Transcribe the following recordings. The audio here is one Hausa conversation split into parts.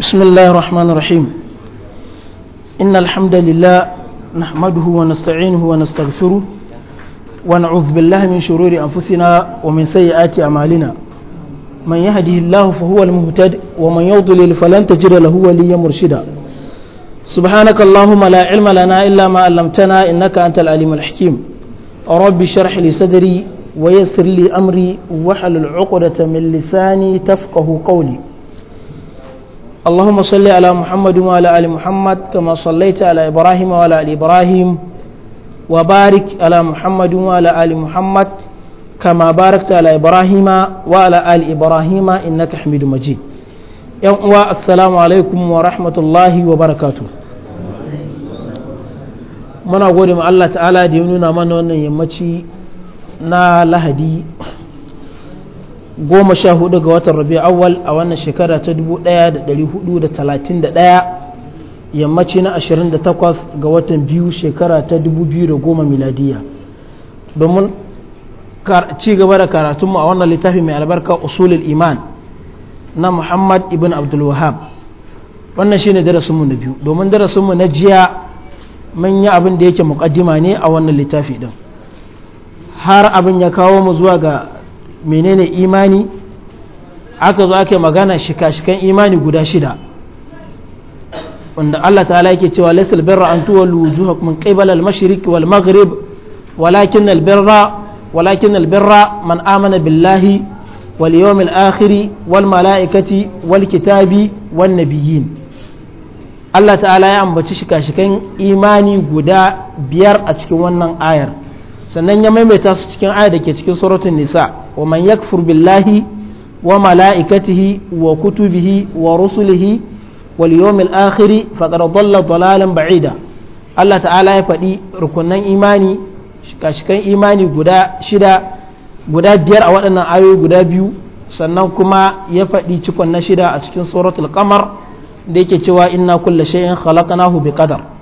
بسم الله الرحمن الرحيم إن الحمد لله نحمده ونستعينه ونستغفره ونعوذ بالله من شرور أنفسنا ومن سيئات أعمالنا من يهده الله فهو المهتد ومن يضلل فلن تجد له وليا مرشدا سبحانك اللهم لا علم لنا إلا ما علمتنا إنك أنت العليم الحكيم رب اشرح لي صدري ويسر لي أمري وحل العقدة من لساني تفقه قولي اللهم صل على محمد وعلى آل محمد كما صليت على إبراهيم وعلى آل إبراهيم وبارك على محمد وعلى آل محمد كما باركت على إبراهيم وعلى آل إبراهيم إنك حميد مجيد يوم السلام عليكم ورحمة الله وبركاته muna gode ma Allah ta'ala da ya nuna mana wannan yammaci na lahadi goma sha hudu ga watan rabi awal a wannan shekara ta dubu daya da dari hudu da talatin da daya yammaci na ashirin da takwas ga watan biyu shekara ta dubu biyu da goma miladiya domin ci gaba da karatunmu a wannan littafi mai albarka usulul iman na muhammad ibn abdul wahab wannan shine darasinmu na biyu domin darasinmu na jiya mun yi abin da yake mukaddima ne a wannan littafi din har abin ya kawo mu zuwa ga menene imani aka zo ake magana shika-shikan imani guda shida wanda Allah ta'ala yake cewa laysal birra an tuwa wujuhakum min qibala al-mashriq wal maghrib walakin al walakin al man amana billahi wal yawmil akhir wal malaikati wal kitabi wan nabiyyin Allah ta'ala ya ambaci shika-shikan imani guda biyar a cikin wannan ayar sannan ya maimaita su cikin aya da ke cikin suratun nisa wa man yakfur billahi wa mala'ikatihi wa kutubihi wa rusulihi wal yawmil akhir faqad dalalin dhalalan ba'ida Allah ta'ala ya faɗi rukunan imani kashikan imani guda shida guda biyar a waɗannan ayoyi guda biyu sannan kuma ya faɗi cikon na shida a cikin suratul qamar da yake cewa inna kulla shay'in khalaqnahu biqadar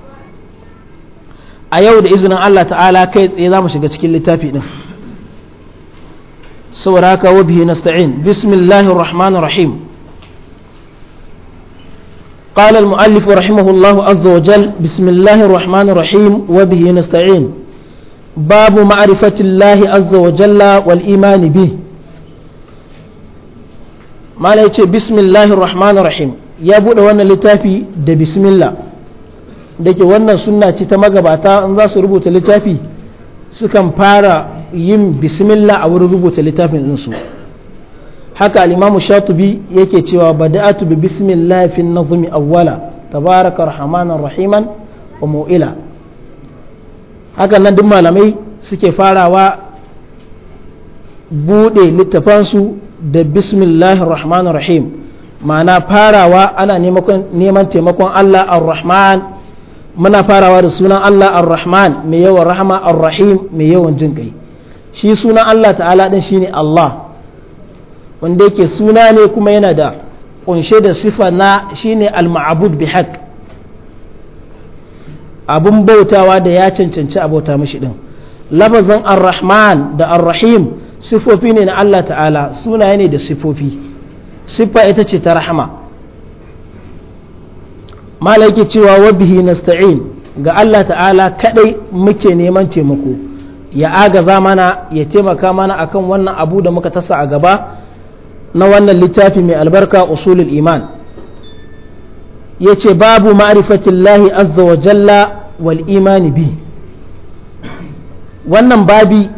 a yau da izinin Allah ta'ala kai tsaye za mu shiga cikin littafi din saboda haka wa bihi nasta'in bismillahir rahmanir rahim قال المؤلف رحمه الله عز وجل بسم الله الرحمن الرحيم وبه نستعين باب معرفة الله عز وجل والإيمان به ما بسم الله الرحمن الرحيم يا بؤل وانا لتافي ده بسم الله da ke wannan sunna ce ta magabata in za su rubuta littafi sukan fara yin bismillah a wurin rubuta littafin ɗinsu haka al'imamu shatubi yake cewa atu bi bismillah fi nazumi awwala tabaraka rahmanan rahiman wa mu'ila hakan nan duk malamai suke farawa buɗe littafansu da bismillah rahmanan rahim ma'ana farawa ana neman taimakon Allah ar-rahman muna farawa da sunan Allah ar-Rahman mai yawan rahama ar-Rahim mai yawan jin kai shi sunan Allah ta'ala din shine Allah wanda yake suna ne kuma yana da kunshe da sifa na shine al-ma'bud bi haqq abun bautawa da ya cancanci abota mashi din lafazin ar-Rahman da ar-Rahim sifofi ne na Allah ta'ala sunaye ne da sifofi siffa ita ce ta rahama mala yake cewa wabihi nasta'in ga Allah ta'ala kadai muke neman taimako ya agaza mana ya taimaka mana akan wannan abu da muka tasa a gaba na wannan littafi mai albarka usulul iman ya ce babu ma'rifatillahi azza wa jalla wal imani bi wannan babi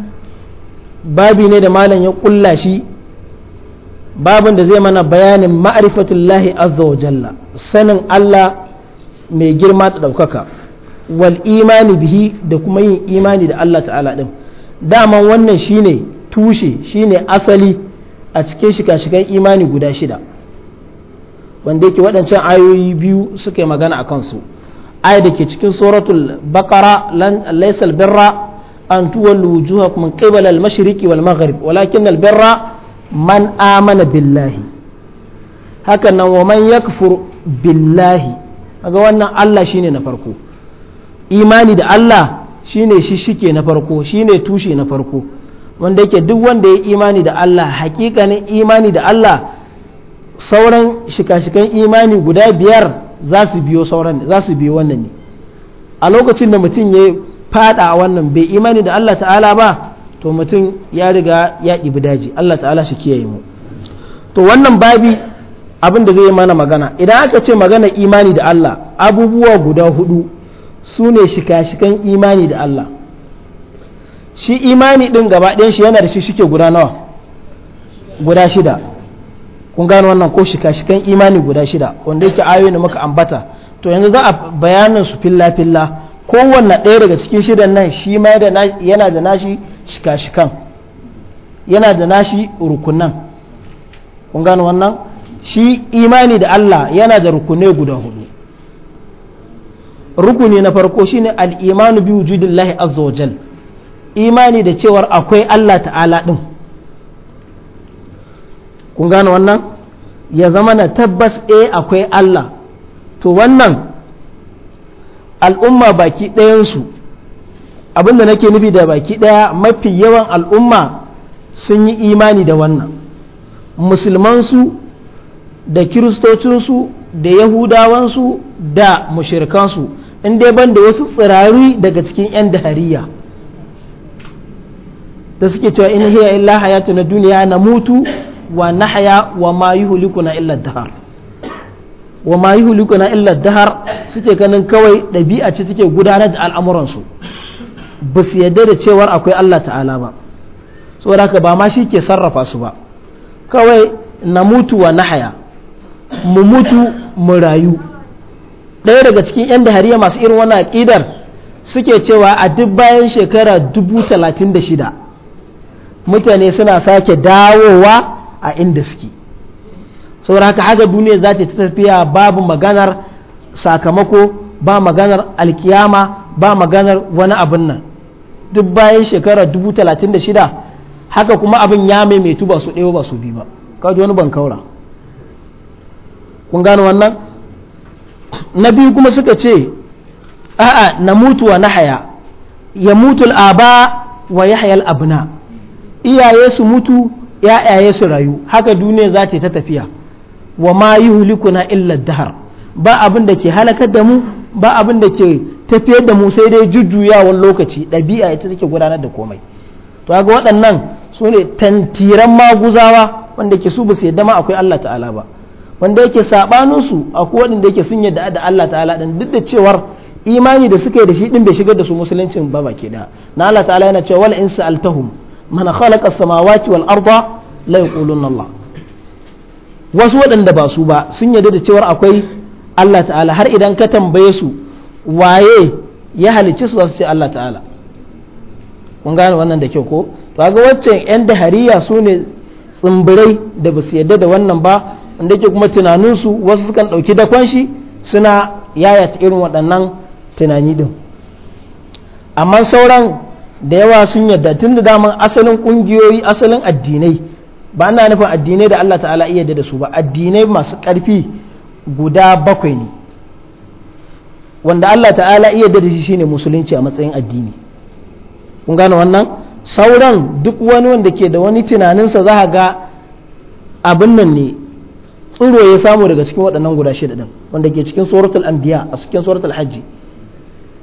babi ne da malam ya kulla shi babin da zai mana bayanin ma'rifatullahi azza wa jalla sanin Allah mai girma da ɗaukaka wal imani bihi da kuma yin imani da Allah ta'ala ɗin daman wannan shine tushe shine asali a cikin shiga-shigan imani guda shida wanda yake waɗancan ayoyi biyu suka yi magana a kansu aya da ke cikin suratul bakara laisal birra an tuwallu wujuhakum qibala al-mashriqi wal maghrib walakin al-birra man amana billahi hakan nan wa man yakfur billahi kaga wannan Allah shine na farko imani da Allah shine shike na farko shine tushe na farko wanda yake duk wanda ya imani da Allah hakikanin imani da Allah sauran shika-shikan imani guda biyar za su biyo sauran za su biyo wannan ne a lokacin da mutum ya fada a wannan bai imani da Allah ta'ala ba to mutum ya riga ya ɗibi daji Allah ta'ala shi kiyaye mu to wannan babi abin da zai yi mana magana idan aka ce magana imani da Allah abubuwa guda hudu su ne shika-shikan imani da Allah shi imani ɗin gaba ɗayan shi yana da shi shike guda nawa guda shida kun gano wannan ko shika-shikan imani guda shida wanda yake ayoyi da muka ambata to yanzu za a bayanin su filla-filla kowanne ɗaya daga cikin shidan nan shi ma yana da nashi shika-shikan yana da nashi rukunan kun gano wannan shi imani da Allah yana da rukunai guda hudu rukuni na farko shine al-imanu bi wujudillahi azza wajal imani da cewar akwai Allah ta'ala din kun gane wannan ya zama na tabbas eh akwai Allah to wannan al'umma baki ɗayansu abinda nake nufi da baki ɗaya mafi yawan al'umma sun yi imani da wannan musulman su. da kiristocinsu da yahudawansu da mushirikansu in dai ban da wasu tsirari daga cikin 'yan dahariya da suke cewa in hiya illa hayatu na duniya na mutu wa na haya wa ma yuhlikuna illa dahar wa ma yuhlikuna illa dahar suke ganin kawai ɗabi'a ce take gudanar da al'amuransu ba su yarda da cewar akwai Allah ta'ala ba saboda haka ba ma shi ke sarrafa su ba kawai na mutu wa na haya. mu mutu mu rayu ɗaya daga cikin 'yan dahariya masu irin wannan aƙidar suke cewa a duk bayan shekara dubu talatin da shida mutane suna sake dawowa a inda suke saboda haka haka duniya za ta tafiya babu maganar sakamako ba maganar alkiyama ba maganar wani abin nan duk bayan shekara dubu talatin da shida haka kuma abin ya maimaitu ba su ɗaya ba su biyu ba kaji wani ban kaura kun gano wannan na biyu kuma suka ce a'a na mutu wa haya ya mutu al'aba wa ya hayal abuna iyaye su mutu ya'yaye su rayu haka duniya za ta tafiya wa ma hulikuna illa dahar ba abin da ke halakar da mu ba abin da ke tafiyar da mu sai dai jujjuyawan lokaci ɗabi'a ita take gudanar da komai to ga waɗannan su ne tantiran maguzawa wanda ke su ba su yadda ma akwai Allah ta'ala ba wanda yake sabanin su akwai waɗanda yake sun yadda da Allah ta'ala duk da cewar imani da suka yi da shi din bai shigar da su musuluncin ba baki da na Allah ta'ala yana cewa wal insa altahum man khalaqa samawati wal arda la yaquluna Allah wasu waɗanda ba su ba sun yadda da cewar akwai Allah ta'ala har idan ka tambaye su waye ya halicci su za su ce Allah ta'ala kun gane wannan da kyau ko to ga waccan yan dahariya su ne tsumbirai da ba su yadda da wannan ba wanda yake kuma tunaninsu wasu sukan ɗauki dakon shi suna yaya ta irin waɗannan tunani ɗin amma sauran da yawa sun yadda tun da daman asalin ƙungiyoyi asalin addinai ba na nufin addinai da Allah ta'ala iya da su ba addinai masu ƙarfi guda bakwai ne wanda Allah ta'ala iya da shi shine musulunci a matsayin addini kun gane wannan sauran duk wani wanda ke da wani tunaninsa za ga abin nan ne tsiro ya samu daga cikin waɗannan guda shida din wanda ke cikin suratul anbiya a cikin suratul hajji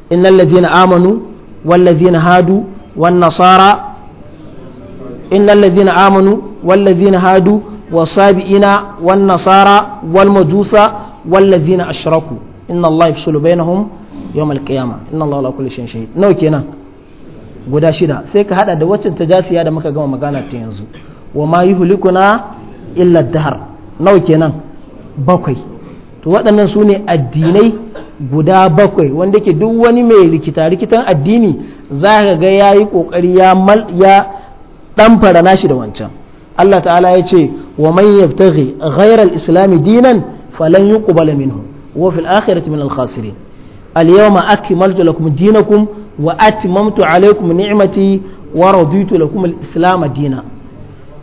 innal ladzina amanu wal ladzina hadu wan nasara innal ladzina amanu wal ladzina hadu wasabi'ina wan nasara wal majusa wal ladzina ashraku inna allaha yafsulu bainahum yawm al qiyamah inna allaha ala kulli shay'in shahid nawa kenan guda shida sai ka hada da waccan tajasiya da muka gama magana ta yanzu wa ma yuhlikuna illa dahar nawa kenan bakwai to waɗannan su ne addinai guda bakwai wanda ke duk wani mai rikita rikitan addini za ka ga ya yi ƙoƙari ya ɗanfara nashi da wancan Allah ta'ala ya ce wa man yabtaghi ghayra al dinan falan yuqbala minhu wa fil akhirati min al-khasirin al-yawma akmaltu lakum dinakum wa atmamtu alaykum ni'mati wa raditu lakum al-islam dinan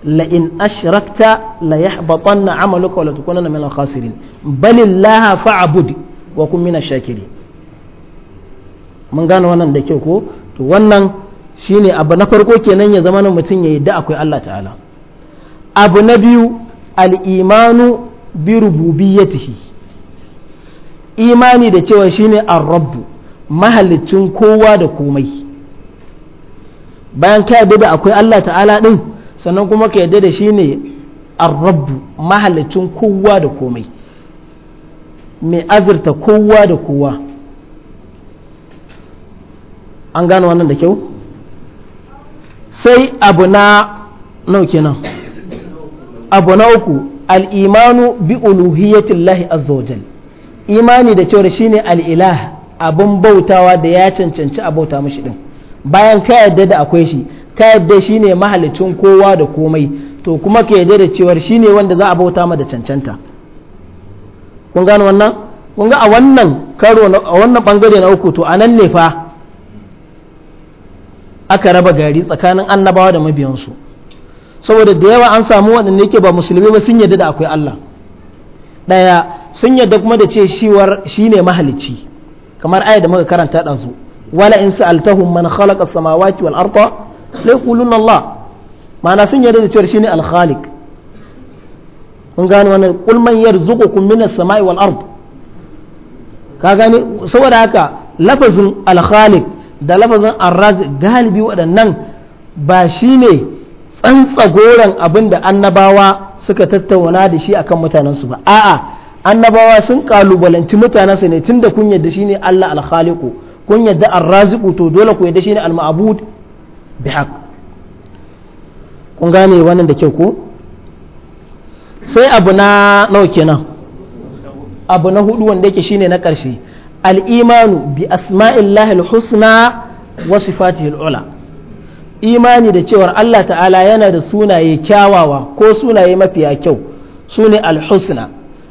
لئن أشركت ليحبطن عملك ولتكونن من الخاسرين بل الله فاعبد وكن من الشاكرين mun gano wannan da kyau ko to wannan shine abu na farko kenan ya zama mutum ya yadda akwai Allah ta'ala abu na biyu imanu bi rububiyyatihi imani da cewa shine ar-rabbu mahallicin kowa da komai bayan ka yadda akwai Allah ta'ala din sannan kuma ka yadda da shi ne arrabu mahallacin kowa da komai mai azurta kowa da kowa an gano wannan da kyau sai abu na nauke kenan abu na uku al'imanu bi uluhiyyatin lahi azzawajal imani da kyau cewar ne al'ilah abin bautawa da ya cancanci a bauta mashi ɗin, bayan ka yadda da akwai shi ta yadda shi ne mahalicin kowa da komai to kuma ka yadda da cewar shi ne wanda za a bauta ma da cancanta kun gano wannan kun ga a wannan karo a wannan bangare na uku to a nan ne fa aka raba gari tsakanin annabawa da mabiyansu saboda da yawa an samu waɗanda yake ba musulmi ba sun yadda da akwai Allah ɗaya sun yadda kuma da ce shi ne mahalicci kamar aya da muka karanta ɗansu wala in sa'altahum man khalaqa samawati wal arda laikulun Allah ma'ana sun yarda da cewar shi ne alkhalik kun gane kulman yar man kun minar sama'i wal ard ka gani saboda haka lafazin alkhalik da lafazin ar galibi waɗannan ba shi shine tsantsagoran abin da annabawa suka tattauna da shi akan mutanensu ba a'a annabawa sun kalubalanci mutanensu ne tunda kun yadda ne Allah alkhaliku kun yadda arraziku to dole ku yadda shi ne almabud bihaq kun gane wannan da kyau ko sai abu na nawa kenan abu na hudu wanda yake shine na ƙarshe al'imanu bi asma'illahi al-husna wa sifatihi al-ula imani da cewar Allah ta'ala yana da sunaye kyawawa ko sunaye mafiya kyau sune al-husna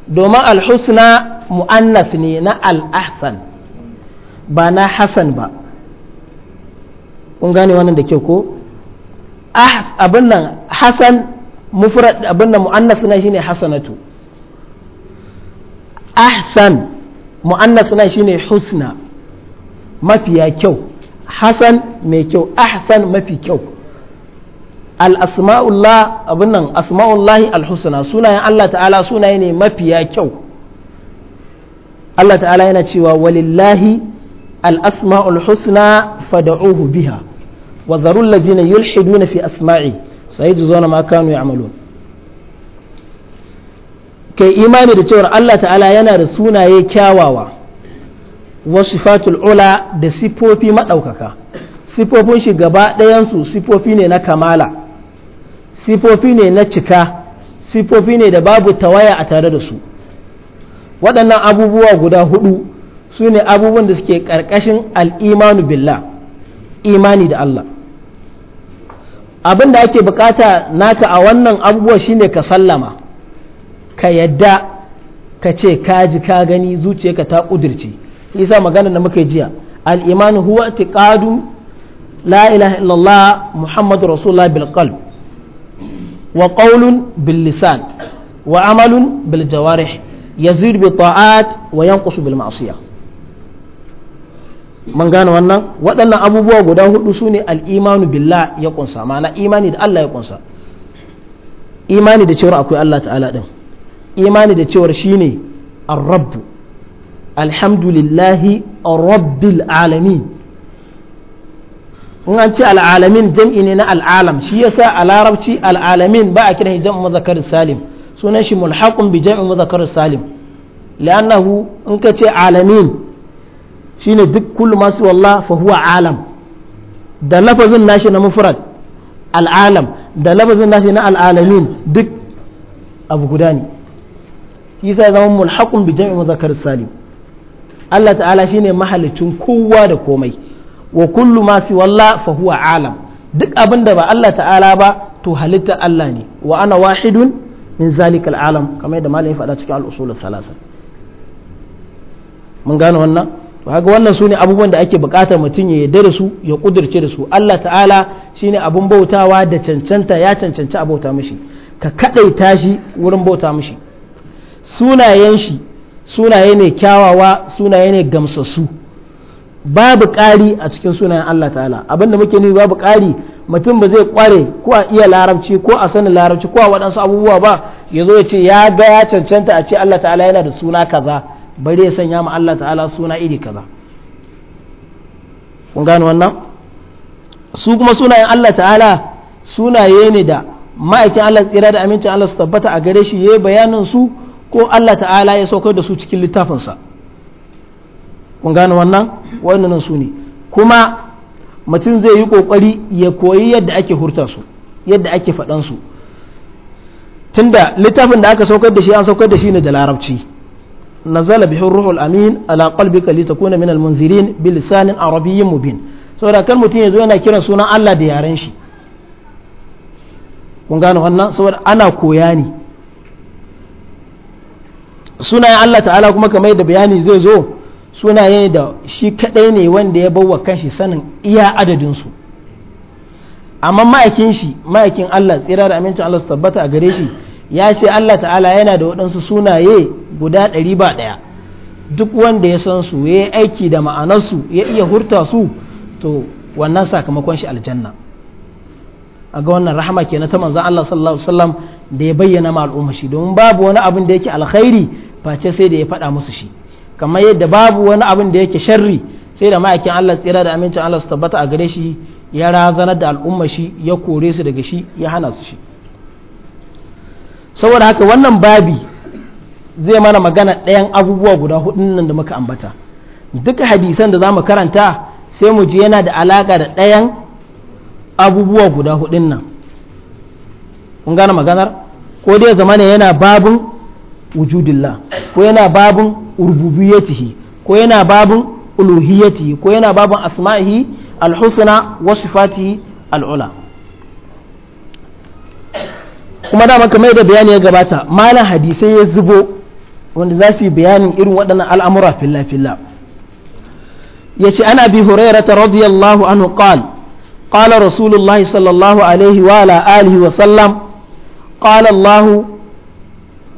domin al-husna mu'annas ne na al-ahsan ba na hasan ba kun gane wannan da kyau ko ah, abin nan hasan mufrad abin nan mu'annas na shine hasanatu ahsan mu'annas na shine husna mafiya kyau hasan mai kyau ahsan mafi kyau al-asma'ullah abin nan asma'ullahi al-husna sunayen Allah ta'ala sunaye ne mafiya kyau Allah ta'ala yana cewa walillahi al-asma'ul husna fad'uhu biha wa zarul ladina yulhiduna fi asma'i sayajzuna ma kanu ya'malun kai imani da cewar Allah ta'ala yana da sunaye kyawawa wa sifatul ula da sifofi madaukaka sifofin shi gaba ɗayansu sifofi ne na kamala sifofi ne na cika sifofi ne da babu tawaya a tare da su waɗannan abubuwa guda hudu su ne abubuwan da suke ƙarƙashin imanu billah imani da Allah abin da ake bukata naka a wannan abubuwa shine ka sallama ka yadda ka ce ka ji ka gani zuciyarka ta kudirce isa magana da muka jiya al huwa i'tiqadu la ilaha illallah muhammadu rasulullah bil qalb wa qawlun bil lisan wa amalun bil jawarih yazid bi ta'at wa yanqusu bil ma'siyah mun gane wannan waɗannan abubuwa guda hudu su ne al'imanu billah ya kunsa ma'ana imani da Allah ya kunsa imani da cewar akwai Allah ta'ala ɗin imani da cewar shine ar-rabb alhamdulillahi rabbil alamin in an ce al'alamin jam'i ne na al'alam shi sa a larabci al'alamin ba a kiran jam'u mazakar salim sunan shi mulhaƙun bi jam'i mazakar salim la'annahu in ka ce alamin shine duk kullum masu wallah fa huwa alam da lafazin nashi na mufrad al'alam da lafazin nashi na al'alamin duk abu guda ne isa zama mulhaqun bi jami'i muzakkar salim Allah ta'ala shine mahalicin kowa da komai wa kullu ma si walla fa huwa alam duk abin da ba Allah ta'ala ba to halittar Allah ne wa ana wahidun min zalikal alam kamar yadda malamin faɗa cikin al-usul thalatha mun gane wannan to haka wannan su ne abubuwan da ake bukatar mutum ya yarda da su ya kudirce da su Allah ta'ala shine abun bautawa da cancanta ya cancanci a bauta mishi ka kadaita shi wurin bauta mishi sunayen shi sunaye ne kyawawa sunaye ne gamsassu babu ƙari a cikin sunayen Allah ta'ala abinda muke nufi babu ƙari mutum ba zai kware ko a iya larabci ko a sanin larabci ko a waɗansu abubuwa ba ya zo ya ce ya ga ya cancanta a ce Allah ta'ala yana da suna kaza bari ya sanya ma Allah ta'ala suna iri kaza kun gano wannan su kuma sunayen Allah ta'ala sunaye ne da ma'aikin Allah tsira da amincin Allah su tabbata a gare shi yayi bayanin su ko Allah ta'ala ya saukar da su cikin littafinsa kun gano wannan wannan su ne kuma mutum zai yi kokari ya koyi yadda ake hurta su yadda ake faɗan su tunda littafin da aka saukar da shi an saukar da shi ne da larabci nazala bihi ruhul amin ala qalbika litakuna minal munzirin bi lisanin arabiyyin mubin saboda kan mutum yazo yana kiran sunan Allah da yaren shi kun gane wannan saboda ana koya ne sunayen Allah ta'ala kuma kamar yadda bayani zai zo sunaye da shi kadai ne wanda ya bawa kanshi sanin iya adadin su amma ma'aikin shi ma'aikin Allah tsira da amincin Allah su tabbata a gare shi ya ce Allah ta'ala yana da waɗansu sunaye guda ɗari ba ɗaya duk wanda ya san su ya yi aiki da ma'anarsu ya iya hurta su to wannan sakamakon shi aljanna a ga wannan rahama ke na ta manzan Allah sallallahu alaihi wasallam da ya bayyana ma al'umma shi domin babu wani abin da yake alkhairi face sai da ya faɗa musu shi kamar yadda babu wani abin da yake sharri sai da ma'aikin Allah tsira da amincin Allah su tabbata a gare shi ya razanar da al'umma shi ya kore su daga shi ya hana su shi saboda haka wannan babi zai mana magana ɗayan abubuwa guda hudun nan da muka ambata duka hadisan da za mu karanta sai mu ji yana da alaƙa da ɗayan abubuwa guda hudun nan kun gane maganar ko dai zama ne yana babin wujudillah ko yana babin urbubiyyatihi ko yana babin uluhiyyatihi ko yana babin asma'ihi alhusna wa sifatihi al'ula kuma dama kamar da bayani ya gabata malam hadisai ya zubo wanda za su yi bayanin irin waɗannan al'amura filla-filla ya ce ana bi hurairata radiyallahu anhu qal qala rasulullah sallallahu alaihi wa ala alihi wa sallam qala allah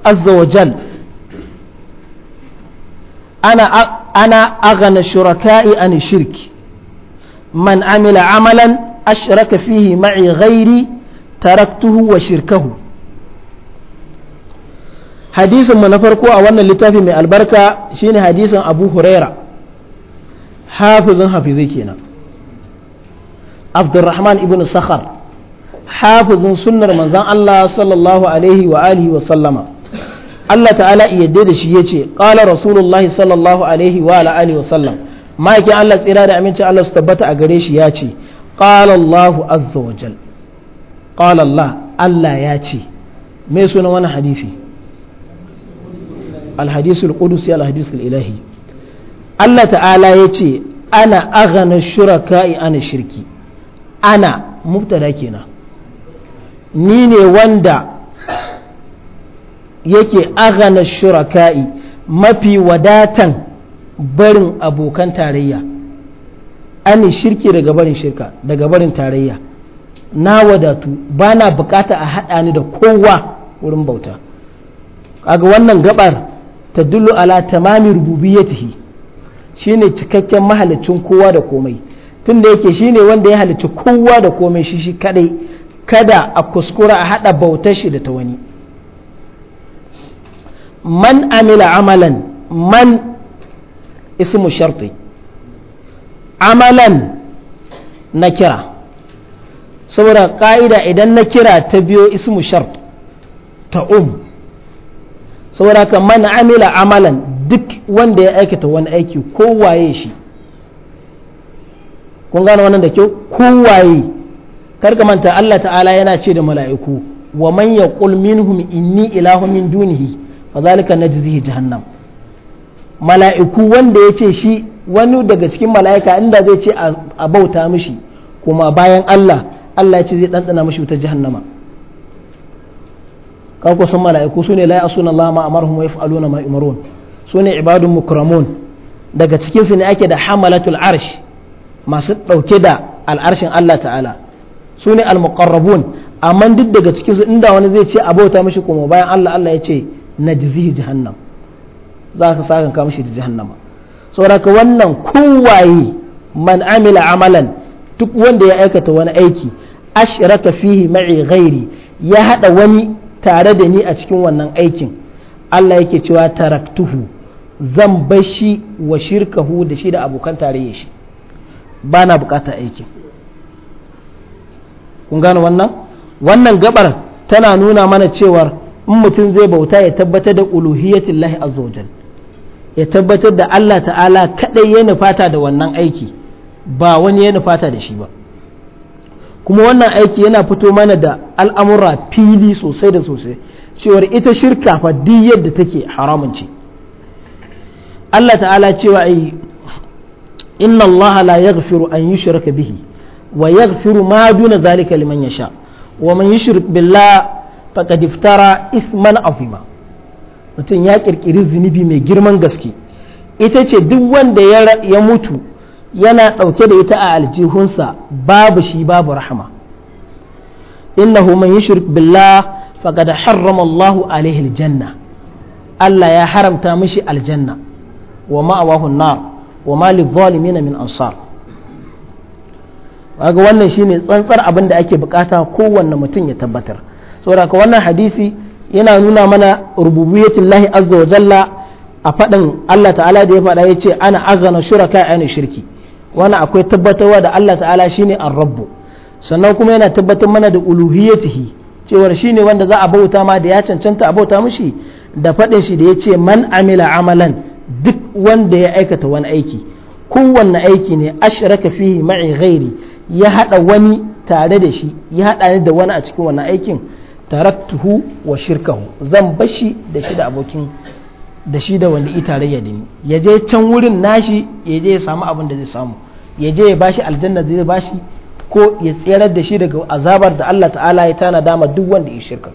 azza wa jal ana ana aghna shuraka'i an shirki man amila amalan ashraka fihi ma'i ghairi taraktuhu wa shirkahu hadisin mu na farko a wannan littafi mai albarka shine hadisin abu huraira hafizin hafizai kenan abdurrahman ibn sakhar hafizin sunnar manzan allah sallallahu alaihi wa alihi wa sallama allah ta'ala yadda da shi yace qala rasulullahi sallallahu alaihi wa alihi wa sallam ma'aikin allah tsira da aminci allah su tabbata a gare shi ya ce qala allah azza wa allah ya ce sunan wani hadisi alhadisul qudusi alhadisul ilahi Allah ta'ala ya ce ana aghana shuraka'i ana shirki ana mubtada kenan ni ne wanda yake aghana shuraka'i mafi wadatan barin abokan tarayya ani shirki daga barin shirka daga barin tarayya na wadatu bana na bukata a haɗa ni da kowa wurin bauta kaga wannan gabar tadullu ala tamami rububiyyatihi shine cikakken mahalicin kowa da komai tunda yake shine wanda ya halicci kowa da komai shi shi kadai kada a kuskura a hada bautar shi da ta wani man amila amalan man ismu sharti amalan na kira saboda ka'ida idan na kira ta biyo ismu shart ta um saboda haka man amila amalan duk wanda ya aikata wani aiki kowaye shi kun gane wannan da kyau kowaye karka manta Allah ta'ala yana ce da mala'iku wa man yaqul minhum inni ilahu min dunihi fa zalika najzihi jahannam mala'iku wanda ya ce shi wani daga cikin mala'ika inda zai ce a bauta mishi kuma bayan Allah Allah ya ce zai dandana mishi wutar jahannama ka kusan mala'iku su ne la ya'suna Allah ma amarhum wa yaf'aluna ma yumarun su ne ibadun mukramun daga cikin su ne ake da hamalatul arsh masu dauke da al'arshin Allah ta'ala su ne al-muqarrabun amma duk daga cikin su inda wani zai ce abota mishi kuma bayan Allah Allah ya ce jizihi jahannam za ka saka ka mishi da jahannama sauraka wannan kowaye man amila amalan duk wanda ya aikata wani aiki ashraka fihi ma'i ghairi ya hada wani tare da ni a cikin wannan aikin Allah yake cewa taraktuhu zan bar shi wa shirkahu da shi da abokan tarayya shi ba na bukata aikin kun gano wannan wannan gabar tana nuna mana cewar in mutum zai bauta ya tabbatar da uluhiyatin lahi ya tabbatar da Allah ta'ala kadai ya nufata da wannan aiki ba wani ya nufata da shi ba kuma wannan aiki yana fito mana da al'amura fili sosai da sosai cewar ita shirka fa duk yadda take haramun ce Allah ta'ala cewa ai inna Allah la yaghfiru an yushraka bihi wa yaghfiru ma duna zalika liman yasha wa man yushrik billah faqad iftara isman azima mutum ya kirkiri zunubi mai girman gaske ita ce duk wanda ya mutu yana ɗauke da ita a aljihunsa babu shi babu rahama innahu man yushrik billah faqad harrama Allahu alaihi aljanna Allah ya haramta mishi aljanna wa ma'awahu nar wa ma lidh-dhalimin min ansar kaga wannan shine tsantsar abin da ake bukata kowanne mutum ya tabbatar saboda wannan hadisi yana nuna mana rububiyatullahi azza wa jalla a faɗin Allah ta'ala da ya faɗa ya ce ana azana shuraka a shirki wani akwai tabbatarwa da Allah ta'ala shine an rabbu sannan kuma yana tabbatar mana da uluhiyatihi cewar shine wanda za a bauta ma da ya cancanta a bauta mushi da faɗin shi da ya ce man amila amalan duk wanda ya aikata wani aiki kowanne aiki ne ashraka fihi ma'i ghairi ya haɗa wani tare da shi ya haɗa ni da wani a cikin wannan aikin taraktuhu wa shirkahu zan bashi da shi da abokin da shi da wanda ita tarayya da ya je can wurin nashi ya je ya samu abin da zai samu ya je ya bashi aljanna da zai bashi ko ya tserar da shi daga azabar da Allah ta'ala ya tana dama duk wanda ya shirka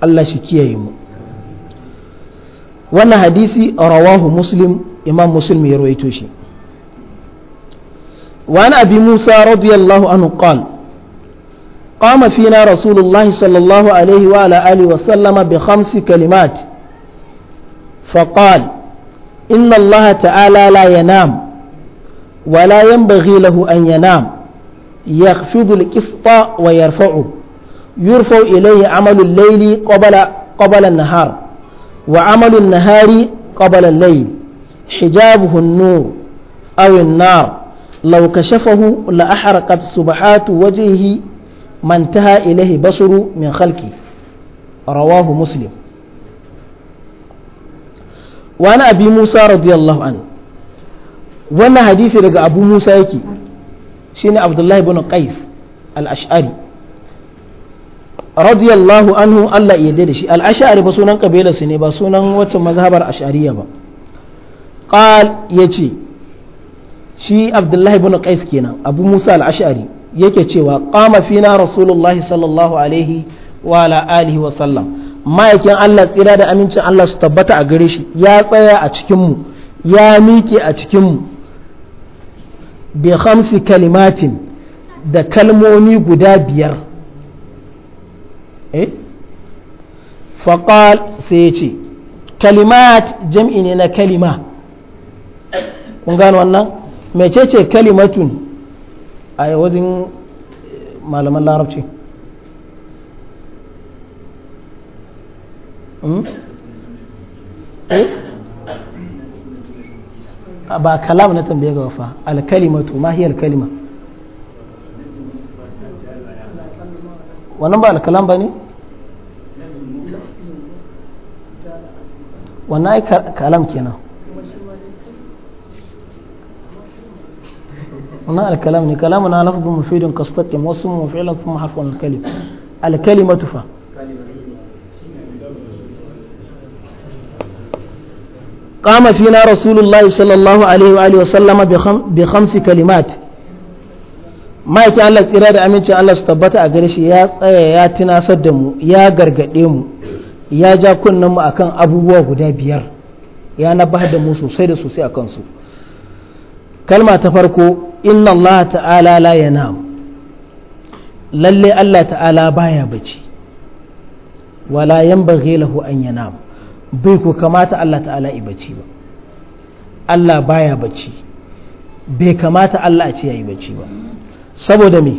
Allah shi kiyaye mu wannan hadisi a rawahu muslim imam muslim ya rawaito shi وعن أبي موسى رضي الله عنه قال قام فينا رسول الله صلى الله عليه وعلى آله وسلم بخمس كلمات فقال إن الله تعالى لا ينام ولا ينبغي له أن ينام يخفض القسط ويرفعه يرفع إليه عمل الليل قبل قبل النهار وعمل النهار قبل الليل حجابه النور أو النار لو كشفه لأحرقت سبحات وجهه ما انتهى إليه بصر من خلقه رواه مسلم wani abi musa radiyallahu anhu wannan hadisi daga abu musa yake shine abdullahi ibn qais al-ash'ari radiyallahu anhu Allah ya da shi al-ash'ari ba sunan su ne ba sunan wacce mazhabar ash'ariya ba qal yace shi abdullahi ibn qais kenan abu musa al-ash'ari yake cewa qama fina rasulullahi sallallahu alaihi wa ala alihi wa sallam ma'aikin Allah tsira da amincin Allah su tabbata a gare shi ya tsaya a cikinmu ya miƙe a cikinmu bi khamsi kalimatin da kalmomi guda biyar eh faƙal sai ya ce kalimat jam'i ne na kalima kun gano wannan mecece kalimatun a wajen malaman larabci Hmm? Eh? ba kalam na tambaye ga wafa alkalimatu ma hiya alkalima wannan ba alkalam ba ne wannan ai kalam kenan wannan alkalam ne kalamun na lafazin mufidin kasfatin wasu mafi'ilan kuma harfin alkalim fa قام فينا رسول الله صلى الله عليه وآله وسلم بخمس كلمات ما يتي الله تيرا da aminci Allah su tabbata a gare shi ya tsaya ya tunasar da mu ya gargade mu ya ja kunnan mu akan abubuwa guda biyar ya nabar da mu sosai da sosai akan su kalma ta farko inna Allah ta'ala la yanam lalle Allah ta'ala baya bacci wala yanbaghi lahu an yanam bai ko kamata Allah ta'ala yi bacci ba Allah baya bacci bai kamata Allah a ce yayi bacci ba saboda me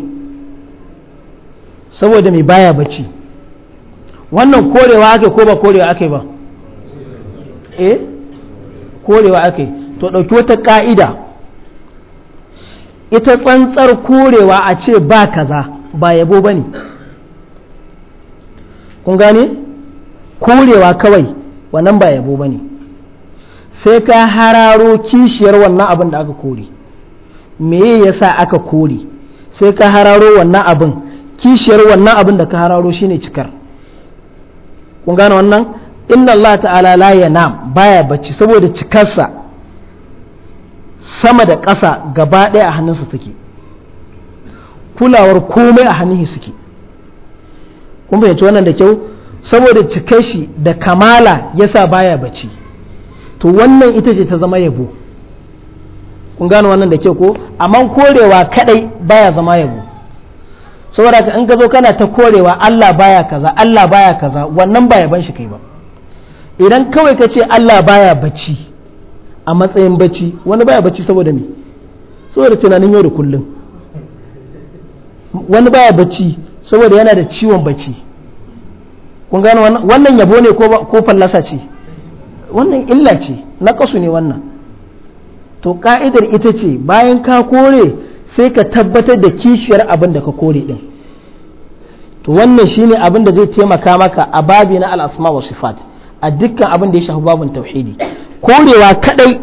saboda me baya bacci wannan korewa ake ko ba korewa ake ba eh korewa ake to ɗauki wata ƙa'ida ita tsantsar korewa a ce ba kaza ba yabo ba ne kun gane korewa kawai wannan ba yabo ba ne sai ka hararo kishiyar wannan abin da aka kore meye yasa aka kore sai ka hararo wannan abin kishiyar wannan abin da ka hararo shine cikar kun gane wannan inna Allah ta'ala la yanam baya bacci saboda cikarsa sama da ƙasa gaba ɗaya a hannunsa take kulawar komai a hannunsa suke kun fahimci wannan da kyau saboda cike shi da kamala yasa baya bacci to wannan ita ce ta zama yabo kun gano wannan da ke ko amma korewa kadai baya zama yabo saboda ka in ka zo kana ta korewa Allah baya kaza Allah baya kaza wannan ba yaban shi kai ba idan kawai ka ce Allah baya bacci a matsayin bacci wani baya bacci saboda me saboda tunanin yau da kullum wani baya bacci saboda yana da ciwon bacci kun gano wannan yabo ne ko fallasa ce wannan illa ce na kasu ne wannan to ka'idar ita ce bayan ka kore sai ka tabbatar da kishiyar abin da ka kore din to wannan shine abin da zai taimaka maka a babi na al'asma wa sifat a dukkan abin da ya shafi babin tauhidi korewa kadai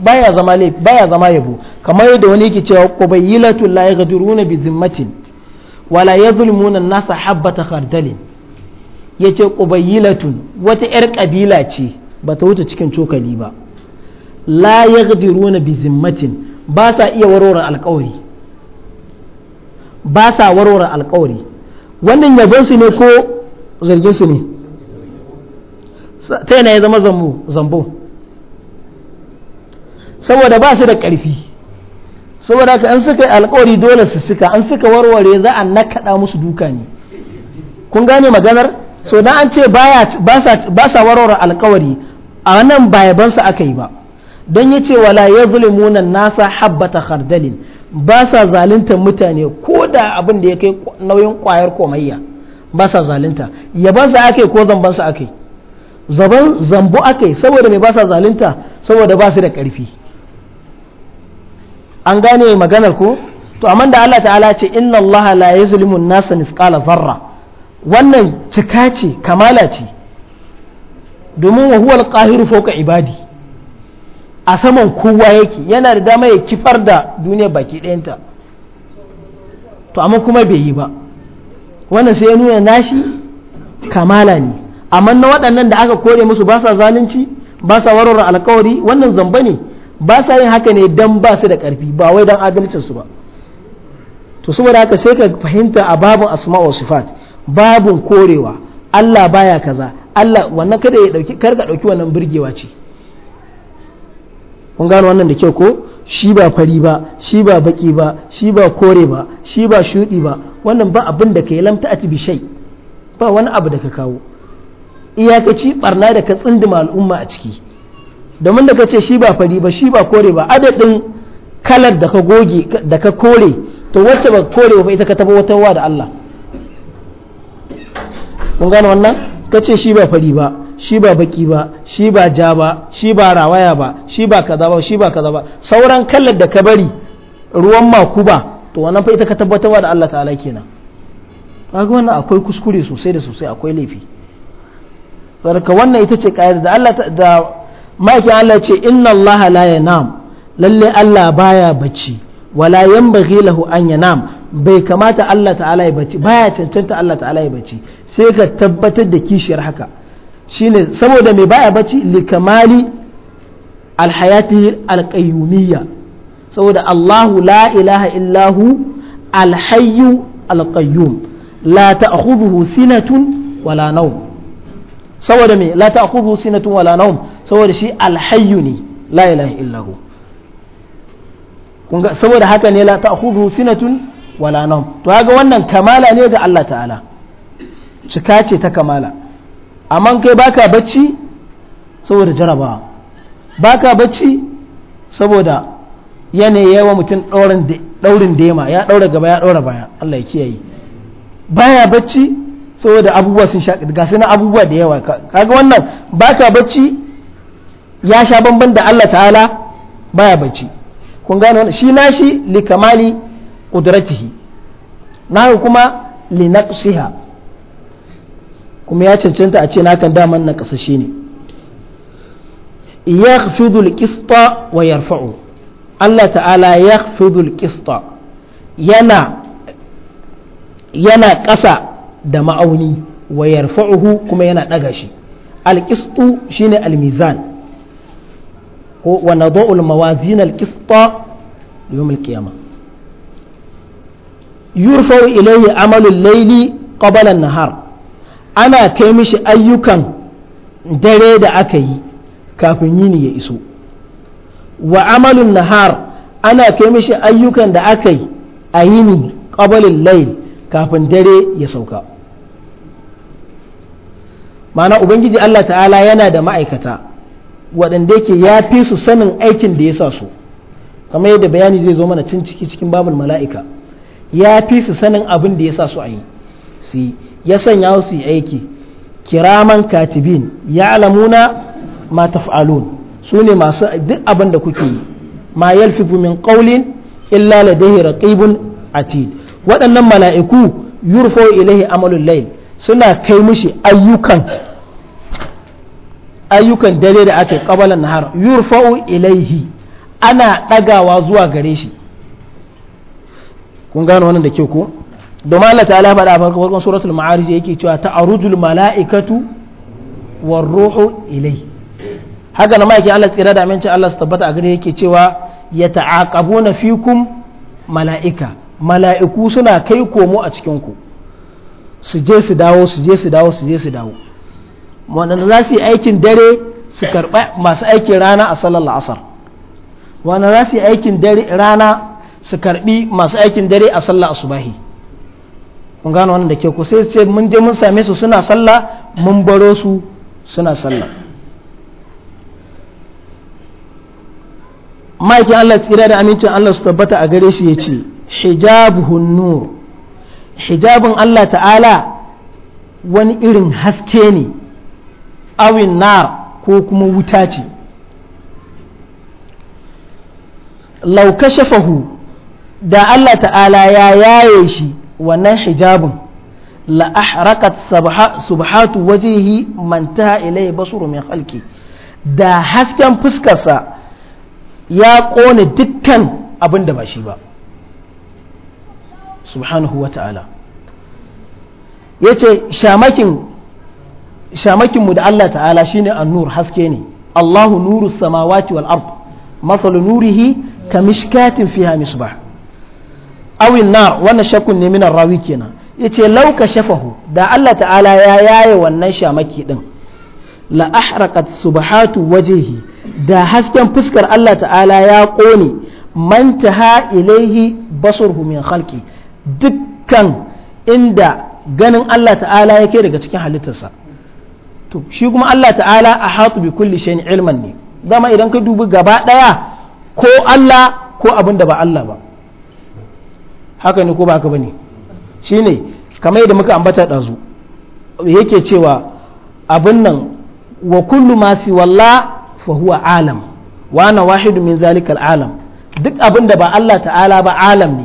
baya zama baya zama yabo kamar yadda wani yake cewa qubaylatul la yaghduruna bi zimmatin wala yadhlimuna an-nasa habbata khardalin ya ce ƙubayilatun wata 'yar ƙabila ce ba ta wuce cikin cokali ba la ya na bizimmatin ba sa iya warware alkawari ba sa warware alkawari wannan yabon ne ko zargin su ne ta yana ya zama zambo saboda ba su da ƙarfi saboda ka an suka alkawari dole su suka an suka warware za a nakaɗa musu duka ne kun gane maganar so dan an ce ba sa warware alkawari a nan ba yabansa aka yi ba don ya ce wala ya zulumunan nasa habbata khardalin ba sa zalunta mutane ko da abin da ya kai nauyin kwayar komayya ba sa zalunta yabansa yi ko zambansa yi zaban zambo yi saboda mai ba sa zalunta saboda ba su da karfi an gane maganar ko to amma da Allah ta'ala ce inna Allah la yazlimu an-nasa mithqala dharra wannan cika ce kamala ce domin wahuwar ƙahiru foka ibadi a saman kowa yake yana da dama ya kifar da duniya baki ɗayanta to amma kuma bai yi ba wannan sai ya nuna nashi kamala ne amma na waɗannan da aka kore musu ba sa zalunci ba sa warware alkawari wannan zamba ne ba sa yin haka ne don ba su da ƙarfi ba wai don adalcinsu ba to saboda haka sai ka fahimta a babin Asma'u sifat babun korewa Allah baya kaza Allah wannan kada ya dauki karka dauki wannan burgewa ce kun gano wannan da kyau ko shi ba fari ba shi ba baki ba shi ba kore ba shi ba shudi ba wannan ba abin da kai lamta ati bishai ba wani abu da ka kawo iyakaci barna da ka tsindima al'umma a ciki domin da ka ce shi ba fari ba shi ba kore ba adadin kalar da ka goge da ka kore to wacce ba kore ba ita ka taba wata da Allah kun gane wannan ka ce shi ba fari ba shi ba baki ba shi ba ja ba shi ba rawaya ba shi ba kaza ba shi ba kaza ba sauran kallar da ka bari ruwan maku ba to wannan fa ita ka tabbatarwa da Allah ta'ala kenan kaga wannan akwai kuskure sosai da sosai akwai laifi sarka wannan ita ce kaida da Allah da ma'aikin Allah ce inna Allah la yanam lalle Allah baya bacci wala yanbaghi lahu an yanam bai kamata Allah ta'ala ya bacci baya cancanta Allah ta'ala ya bacci sai ka tabbatar da kishiyar haka shine saboda mai baya bacci likamali alhayati alqayyumiyya saboda Allahu la ilaha illahu alhayyu alqayyum la ta'khudhuhu sinatun wala nawm saboda me la ta'khudhuhu sinatun wala nawm saboda shi alhayyu ne la ilaha illahu kun saboda haka ne la ta'khudhuhu sinatun wala nam to kaga wannan kamala ne ga Allah ta'ala cika ce ta kamala amma kai baka bacci saboda jaraba baka bacci saboda yanayi yawa mutum daurin dema ya daura gaba ya daura baya Allah ya kiyaye baya bacci saboda abubuwa sun sha ga sai na abubuwa da yawa kaga wannan baka bacci ya sha bamban da Allah ta'ala baya bacci kun gane wannan shi nashi likamali qudratihi na kuma li naqsiha kuma ya cancanta a nakan na kan daman na kasashe ne yakhfidu al-qista wa yarfa'u Allah ta'ala yakhfidu al-qista yana yana ƙasa da ma'auni wa yarfa'uhu kuma yana ɗaga shi alƙistu shine almizan ko wa nadau almawazin alqista yawm alqiyama yurfau ilayhi amalul laili qabla nahar ana kai mishi ayyukan dare da aka yi kafin yini ya iso wa amalun nahar ana kai mishi ayyukan da aka yi a yini qabalin lail kafin dare ya sauka ma'ana ubangiji Allah ta'ala yana da ma'aikata waɗanda yake ya fi su sanin aikin da ya sa su kamar yadda bayani zai zo mana tun ciki cikin babul mala'ika ya fi su sanin abin da ya sa su a yi su ya sanya su yi aiki kiraman katibin ya alamuna ma taf'alun su ne masu duk abin da kuke yi ma yalfi min qawlin illa ladayhi raqibun atid waɗannan mala'iku yurfo ilaihi amalul lail suna kai mishi ayyukan ayyukan dare da ake ƙabalan nahar yurfo ilaihi ana ɗagawa zuwa gare shi kun gano wannan da kyau ko domin Allah ta'ala faɗa a farko farkon suratul ma'arij yake cewa ta'arujul mala'ikatu war ruhu ilai haka na ma'aikin Allah tsira da amince Allah su tabbata a gare yake cewa ya ta'aqabuna fikum mala'ika mala'iku suna kai komo a cikin ku su je su dawo su je su dawo su je su dawo wanda za su yi aikin dare su karɓa masu aikin rana a sallar la'asar wanda za su yi aikin dare rana su karbi masu aikin dare a sallah asubahi kun gano wannan da ke ku sai ce mun je mun same su suna sallah mun baro su suna sallah ma'aikin Allah tsira da amincin Allah su tabbata a gare shi ya ce hijabuhun nur hijabin Allah ta'ala wani irin haske ne awin nar ko kuma wuta ce lau kashafahu da Allah ta'ala ya yaye shi wannan hijabin la ahrakat subhatu wajihi mantaha ilai basuru min halki da hasken fuskarsa ya kone dukkan abin da ba shi ba subhanahu wa ta'ala ya ce shamakinmu da Allah ta'ala shine anur haske ne Allahu nuru samawati wal ard masalu nurihi ka mishkatin fiha misbah awin nar wannan shakun ne minan rawi kenan yace lauka shafahu da Allah ta'ala ya yaye wannan shamaki din la ahraqat subhatu wajhihi da hasken fuskar Allah ta'ala ya kone mantaha ilaihi basurhu min khalqi dukkan inda ganin Allah ta'ala yake daga cikin halittarsa to shi kuma Allah ta'ala a hatu bi kulli shay'in ilman ne dama idan ka dubi gaba daya ko Allah ko abin da ba Allah ba haka ne ko ba haka bane shine kamar yadda muka ambata ɗazu yake cewa abin nan wa kullu ma fi walla fa huwa alam wa ana wahidu min zalikal alam duk abin da ba Allah ta'ala ba alam ne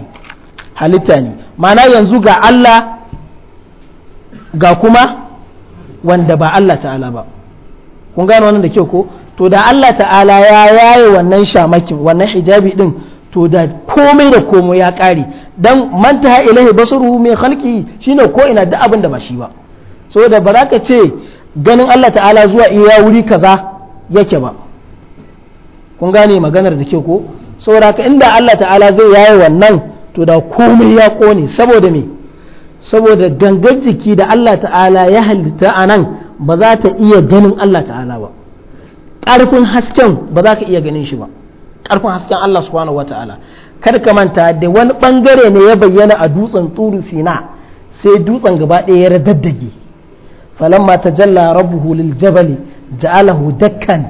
halitta ne mana yanzu ga Allah ga kuma wanda ba Allah ta'ala ba kun gane wannan da kyau ko to da Allah ta'ala ya yaye wannan shamakin wannan hijabi din to da komai da komai ya ƙare dan mantaha ilahi basuru mai halki shine ko ina da abin da ba shi ba saboda ba za ka ce ganin Allah ta'ala zuwa iya wuri kaza yake ba kun gane maganar da ke ko saboda ka inda Allah ta'ala zai yaye wannan to da komai ya kone saboda me saboda gangar jiki da Allah ta'ala ya halitta a nan ba za ta iya ganin Allah ta'ala ba ƙarfin hasken ba za ka iya ganin shi ba ƙarfin hasken Allah subhanahu wa ta'ala kar ka manta da wani bangare ne ya bayyana a dutsen turu sina sai dutsen gaba ɗaya ya radaddage falamma jalla rabbuhu lil jabali ja'alahu dakkan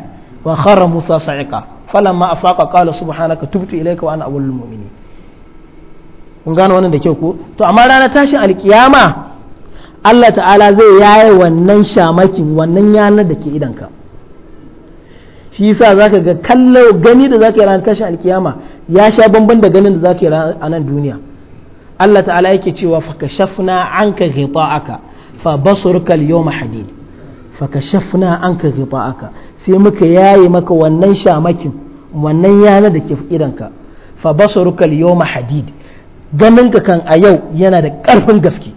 wa khara musa sa'iqa falamma afaqa qala subhanaka tubtu ilayka wa ana awwalul mu'minin kun gano wannan da kyau ko to amma ranar tashin alkiyama Allah ta'ala zai yaye wannan shamakin wannan yanar da ke idanka shi yasa zaka ga kallo gani da zaka yi ranar tashin alkiyama ya sha bamban da ganin da za zaka yi a nan duniya Allah ta'ala yake cewa ka hita aka fa fa ka yawma hadid ka hita aka. sai muka yaye maka wannan shamakin wannan yana da ke idanka fa basurka al-yawma hadid ganinka kan a yau yana da ƙarfin gaske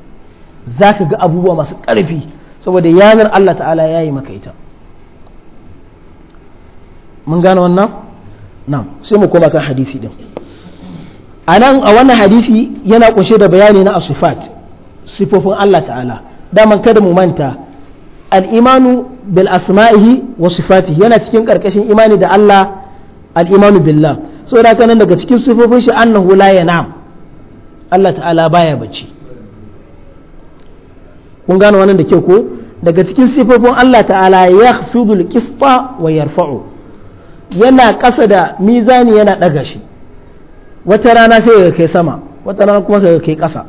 Za ka ga abubuwa masu karfi saboda yanar Allah ta'ala yayi maka ita mun gane wannan na'am sai mu koma kan hadisi din a nan a wannan hadisi yana kunshe da bayani na asufat sifofin Allah ta'ala daman kada mu manta al'imanu bil asma'ihi wa sifati yana cikin karkashin imani da Allah al'imanu billah so da kanan daga cikin sifofin shi annahu la yanam Allah ta'ala baya bacci kun gane wannan da ke ko daga cikin sifofin Allah ta'ala yakhfidul qista wa yarfa'u yana ƙasa da mizani yana ɗaga shi wata rana sai ya kai sama wata rana kuma sai ya kai ƙasa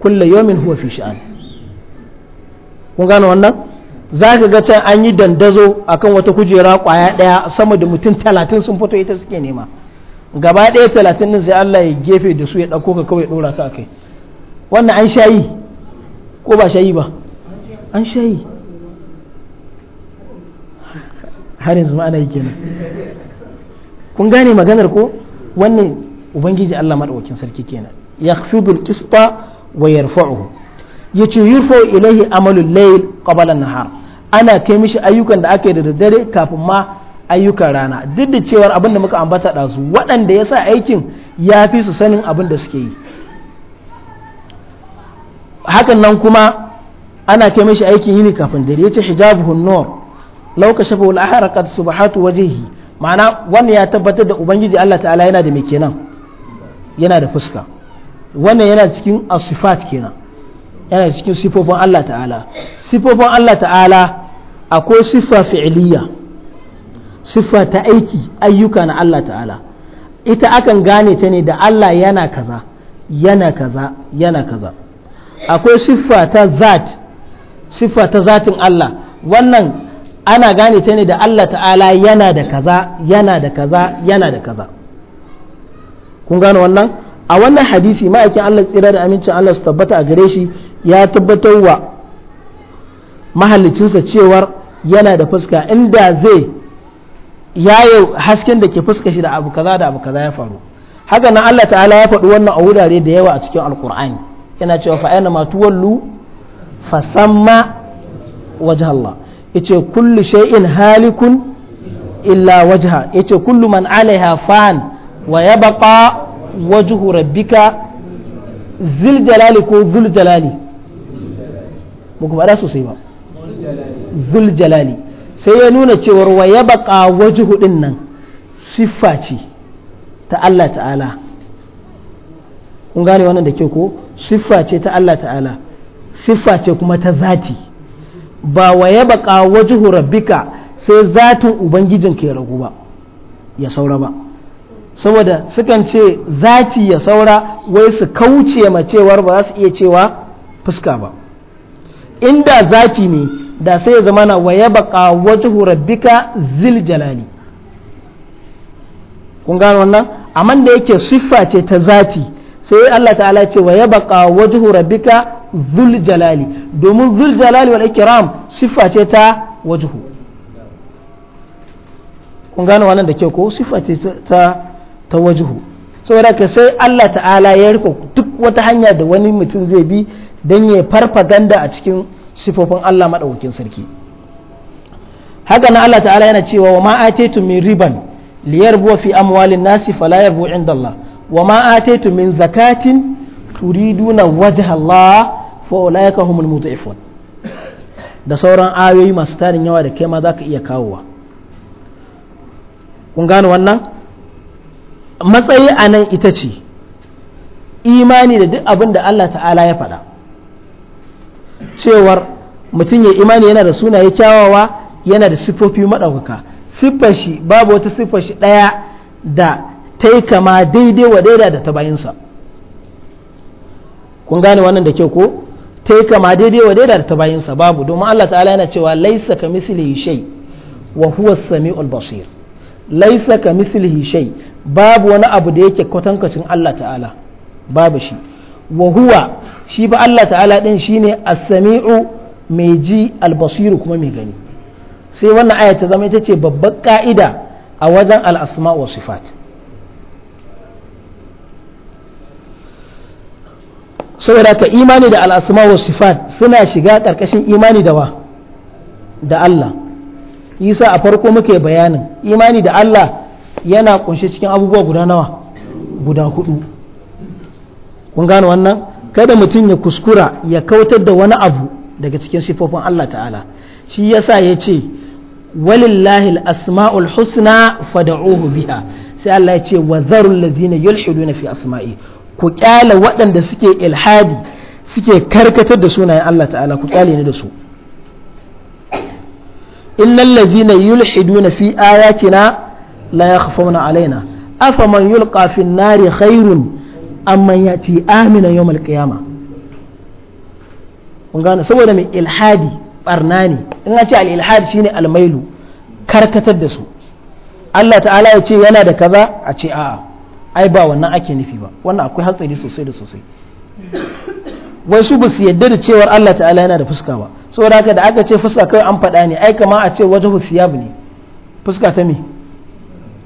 kulle yomin huwa fi sha'an kun gane wannan za ka ga can an yi dandazo akan wata kujera ƙwaya ɗaya sama da mutum talatin sun fito ita suke nema gaba ɗaya talatin ɗin sai Allah ya gefe da su ya ɗauko ka kawai ɗora ka kai wannan an shayi ko ba shayi ba an shayi har yanzu ana yi kenan kun gane maganar ko wannan ubangiji Allah madaukakin sarki kenan yakhfidu al-qista wa yarfa'uhu yace yufo ilayhi amalu layl qabla an-nahar ana kai mishi ayyukan da aka yi da daddare kafin ma ayyukan rana duk da cewar abin da muka ambata da su waɗanda ya sa aikin ya fi su sanin abin da suke yi hakan nan kuma ana kai mishi aikin yini kafin dare yace hijabuhun nur lokacin shafa al'ahara kad waje wajehi ma'ana wannan ya tabbatar da ubangiji Allah ta'ala yana da mai kenan yana da fuska wannan yana cikin asifat kenan yana cikin sifofin Allah ta'ala sifofin Allah ta'ala akwai siffa fi'iliya siffa ta aiki ayyuka na Allah ta'ala ita akan gane ta ne da Allah yana kaza yana kaza yana kaza akwai siffa ta zat siffa ta zatin Allah wannan ana gane ta ne da Allah ta'ala yana da kaza yana da kaza yana da kaza kun gane wannan a wannan hadisi ma'aikin Allah tsira da amincin Allah su tabbata a gare shi ya tabbatar wa mahallicinsa cewar yana da fuska inda zai yayo hasken da ke fuska shi da abu kaza da abu kaza ya faru haka nan Allah ta'ala ya faɗi wannan a wurare da yawa a cikin alkur'ani yana cewa fa aina ma tuwallu fa samma Allah yace kullu shay'in halikun illa wajha yace kullu man alaiha fan wa yabqa wajhu rabbika zil jalali ko zul jalali ba sosai ba zul jalali sai ya nuna cewar wa ya baka wajhu din siffa ce ta Allah ta'ala kun gane wannan da ke ko siffa ce ta Allah ta'ala siffa ce kuma ta zati ba wa ya baka waje rabbika sai zatin ubangijin ka ya ragu ba ya saura ba saboda sukan ce zati ya saura wai su kauce ma cewar ba za su iya cewa fuska ba inda zati ne da sai ya zamana wa ya baka waje rabbika zil jalali kun gano wannan amma da yake siffa ce ta zati sai Allah ta'ala ce wa ya baka waje rabbika dhul jalali domin dhul jalali wal ikram siffa ce ta wannan da ke ko siffa ce ta ta wajhu saboda ka sai Allah ta'ala ya rika duk wata hanya da wani mutum zai bi dan ya farfaganda a cikin sifofin Allah madaukakin sarki haka na Allah ta'ala yana cewa wa ma ataitu min riban liyarbu fi amwalin nasi fala yarbu inda Allah wa ma ataitu min zakatin turiduna wajha Allah fa ulaika humul mudhifun da sauran ayoyi masu tarin yawa da kai ma zaka iya kawowa kun gane wannan matsayi anan ita ce imani da duk abin da Allah ta'ala ya faɗa cewar mutum ya imani yana da sunaye kyawawa yana da siffofi maɗaukaka siffar shi babu wata siffar shi ɗaya da ta yi kama daidai wa daida da ta bayinsa kun gane wannan da kyau ko ta yi kama daidai wa daidai da ta sa babu domin Allah ta'ala yana cewa laisa ka mislihi shay wa huwa samiul basir laisa ka mislihi shay babu wani abu da yake kwatankacin Allah ta'ala babu shi wa huwa shi ba Allah ta'ala din shine as-sami'u mai ji al-basir kuma mai gani sai wannan aya ta zama ita ce babbar ka'ida a wajen al-asma' wa sifat saboda ka imani da al'asma wa sifat suna shiga ƙarƙashin imani da wa da Allah yasa a farko muke bayanin imani da Allah yana kunshe cikin abubuwa guda nawa guda hudu kun gane wannan kada mutum ya kuskura ya kautar da wani abu daga cikin sifofin Allah ta'ala shi yasa ya ce walillahil al-asma'ul husna fada'uhu biha sai Allah ya ce wa yi ladhina yulhiduna fi asma'i ku kyale waɗanda suke ilhadi suke karkatar da sunayen Allah ta'ala ku kyale ni da su illal ladzina yulhiduna fi ayatina la yakhfawna alaina afaman yulqa fin nari khairun amman yati amina yawmal qiyamah kun gane saboda mai ilhadi barna ne in ce al ilhadi shine almailu karkatar da su Allah ta'ala ya ce yana da kaza a ce a'a ai ba wannan ake nufi ba wannan akwai hatsari sosai da sosai wai su ba su yadda da cewar Allah ta'ala yana da fuska ba saboda haka da aka ce fuska kai an faɗa ne ai kama a ce wajhu thiyab ne fuska ta me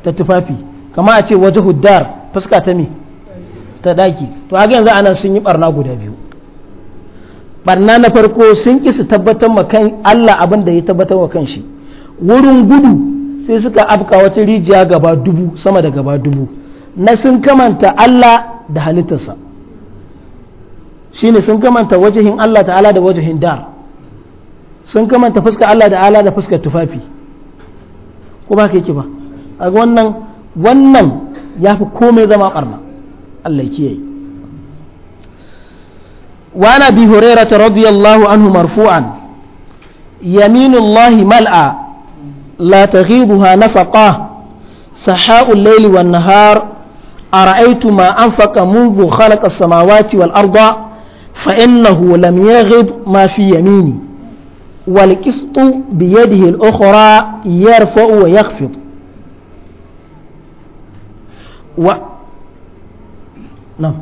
ta tufafi kama a ce wajhu dar fuska ta me ta daki to haka yanzu anan sun yi barna guda biyu barna na farko sun ki su tabbatar ma kan Allah abin da ya tabbatar wa kanshi wurin gudu sai suka afka wata rijiya gaba dubu sama da gaba dubu na sun kamanta Allah da halittarsa shine sun kamanta wajihin Allah ta'ala da wajihin dar sun kamanta fuska Allah da ala da fuskar tufafi ko ba ka yake ba a wannan wannan ya fi komai zama barna Allah kiyaye وعن ابي هريره رضي الله عنه مرفوعا يمين الله ملأى لا تغيضها نفقه سحاء الليل والنهار أرأيت ما أنفق منذ خلق السماوات والأرض فإنه لم يغب ما في يميني والقسط بيده الأخرى يرفع ويخفض و نعم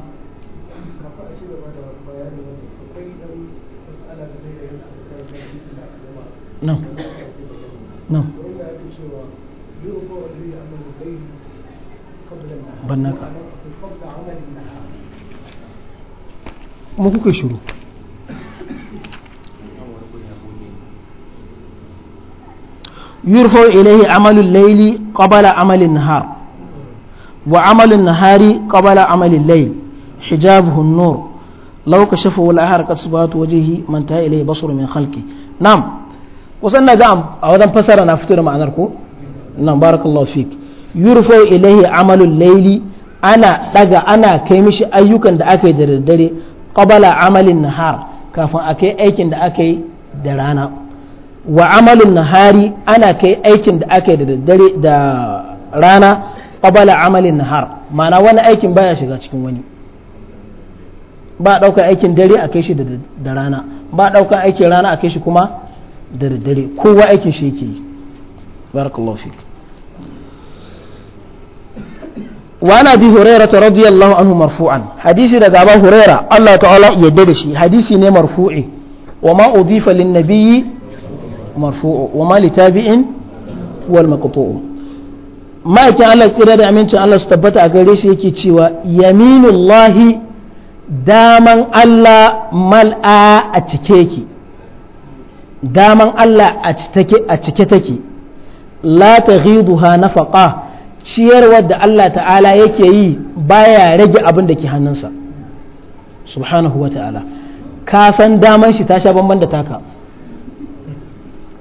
نعم نعم bannaka mu kuka shiru يرفع إليه عمل الليل قبل عمل النهار وعمل النهار قبل عمل الليل حجابه النور لو كشفه الأهر حركة صبات وجهه من انتهى إليه بصر من خلقه نعم وصلنا قام أولا فسر أنا أفتر نعم بارك الله فيك yurfo ilaihi amalul laili ana daga ana kai mishi ayyukan da aka yi da daddare qabala amalin nahar kafin a kai aikin da aka yi da rana wa amalin nahari ana kai aikin da aka yi da daddare da rana qabala amalin nahar ma'ana wani aikin baya shiga cikin wani ba ɗaukar aikin dare a kai shi da rana ba ɗaukar aikin rana a kai shi kuma da daddare kowa aikin shi yake yi barakallahu fiki wa ana bi hurairata radiyallahu anhu marfu'an hadisi da ba huraira Allah ta'ala yadda da shi hadisi ne marfu'i wa ma udifa lin nabiyyi marfu'u wa tabi'in wal maqtu'u ma'aikin Allah tsira da amincin Allah su tabbata a gare shi yake cewa yaminullahi daman Allah mal'a a daman Allah a cike take la taghiduha nafaqa ciyarwar da Allah ta'ala yake yi baya rage abin da ke hannunsa subhanahu wa ta'ala ka san daman shi ta sha bamban da taka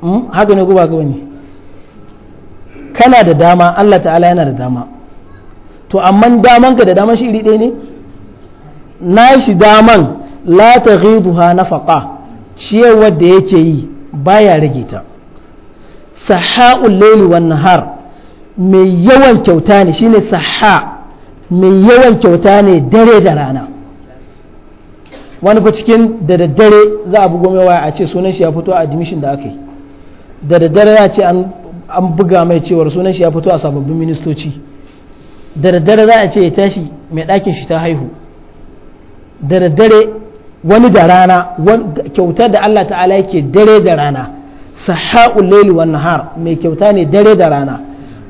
hmm? haka ne guba gaba ne kana da dama Allah ta'ala yana da dama to amma daman ka da daman shi iri ɗaya ne na shi daman la ta faƙa ciyarwar da yake yi baya rage ta saha'ul laili wan nahar mai yawan kyauta ne shine saha mai yawan kyauta ne dare da rana wani fa cikin da daddare za a bugo mai waya a ce sunan shi ya fito a admission da aka yi da daddare a ce an buga mai cewar sunan shi ya fito a sababbin ministoci da daddare za a ce ya tashi mai ɗakin shi ta haihu da daddare wani da rana kyautar da Allah ta'ala yake dare da rana saha'ul laili wan nahar mai kyauta ne dare da rana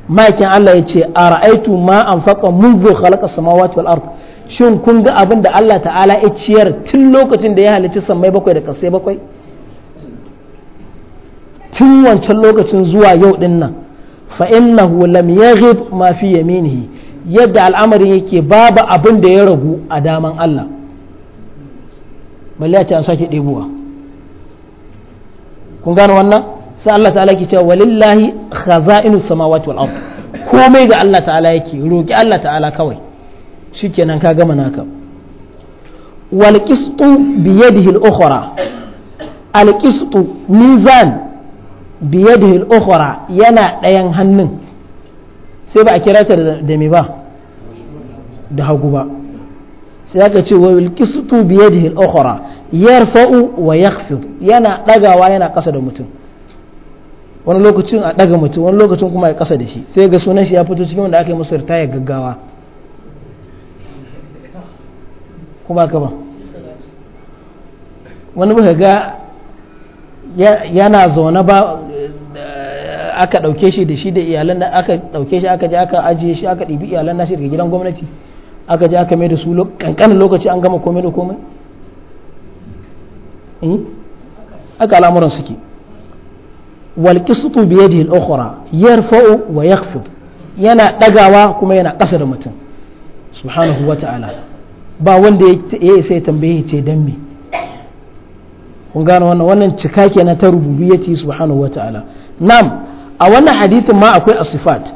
ma'aikin Allah ya ce a ra'aitu ma an faƙa mungo halaka samawati wal ard shin kun ga abin da Allah ta'ala ya ciyar tun lokacin da ya halicci sammai bakwai da kasai bakwai tun wancan lokacin zuwa yau din nan fa innahu lam yaghib ma fi yaminihi yadda al'amarin yake babu abin da ya ragu a daman Allah balle an sake debuwa kun gane wannan sai Allah ta'ala ke cewa walillahi khaza'inu samawati wal ard komai ga Allah ta'ala yake roki Allah ta'ala kawai shikenan ka gama naka wal qistu bi yadihi al ukhra al qistu mizan bi yadihi al ukhra yana ɗayan hannun sai ba a kira ta da me ba da hagu ba sai aka ce wa wal qistu bi yadihi al ukhra yarfa'u wa yakhfid yana dagawa yana kasa da mutum wani lokacin a daga mutum wani lokacin kuma ya kasa da shi sai ga sunan shi ya fito cikin wanda aka yi musu ritaya gaggawa kuma ka ba wani muka ga yana zaune ba eh, aka ɗauke shi da shi da iyalan aka ɗauke shi aka je aka ajiye shi aka ɗibi iyalan nashi daga gidan gwamnati aka je aka mai da su kankanin lokaci an gama komai da komai hmm? aka al'amuran suke wal qisṭu bi yadihi al yana ɗagawa kuma yana ƙasa da mutum subhanahu wa ta'ala ba wanda ya ya tambaye ce dan me kun gano wannan wannan cika kenan ta rububiyyati subhanahu wa ta'ala nam a wannan hadithin ma akwai asifat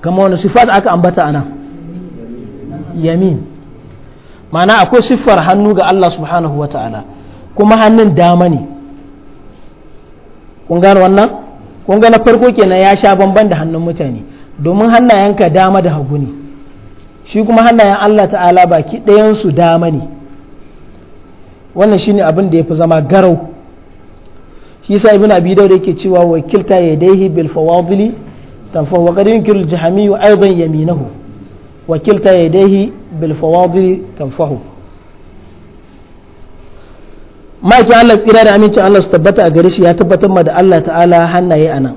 kama wani sifat aka ambata ana yamin ma'ana akwai siffar hannu ga Allah subhanahu wa ta'ala kuma hannun dama ne kun gane wannan kun na farko kenan ya sha bamban da hannun mutane domin hannayenka dama da hagu ne shi kuma hannayen Allah ta'ala baki ɗayansu dama ne wannan shine abin da ya fi zama garau shi sa ibn abi dawud yake cewa wakilta yadayhi bil fawadili tanfa wa qad yunkiru al jahmiyyu aidan yaminahu wakilta yadayhi bil fawadili tanfahu maki Allah tsira da amincin Allah su tabbata a gare shi ya tabbatar ma da Allah ta'ala hannaye nan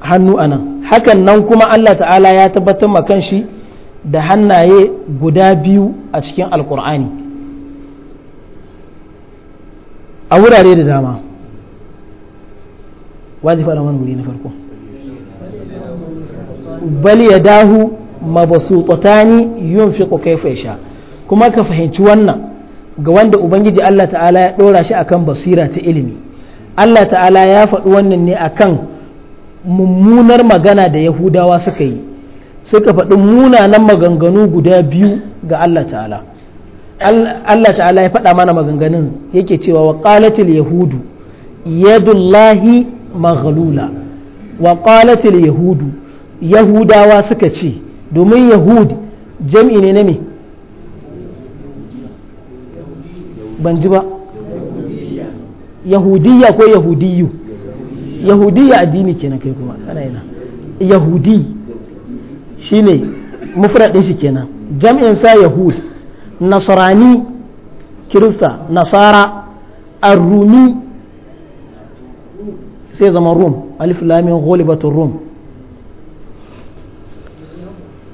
hannu nan hakan nan kuma Allah ta'ala ya tabbatar ma shi da hannaye guda biyu a cikin alkur'ani a wurare da dama wazi fara wani wuri na farko bal ya dahu mabasu yunfiqu kayfa yasha kuma ka fahimci wannan ga wanda ubangiji Allah ta'ala ya ɗora shi akan basira ta ilimi Allah ta'ala ya faɗi wannan ne akan mummunar magana da yahudawa suka yi suka faɗi munanan maganganu guda biyu ga Allah ta'ala Allah ta'ala ya faɗa mana maganganun yake cewa wa yahudu yadullahi maghlula wa qalatil yahudu yahudawa suka ce domin yahud jam'i ne na me ban ji ba ko yahudiyu yahudiyya addini kenan kai kuma kana yana yahudi shine mufradin shi kenan jam'in sa yahud nasrani kirista nasara arumi sai zama rum alif lamin ghulibatur rum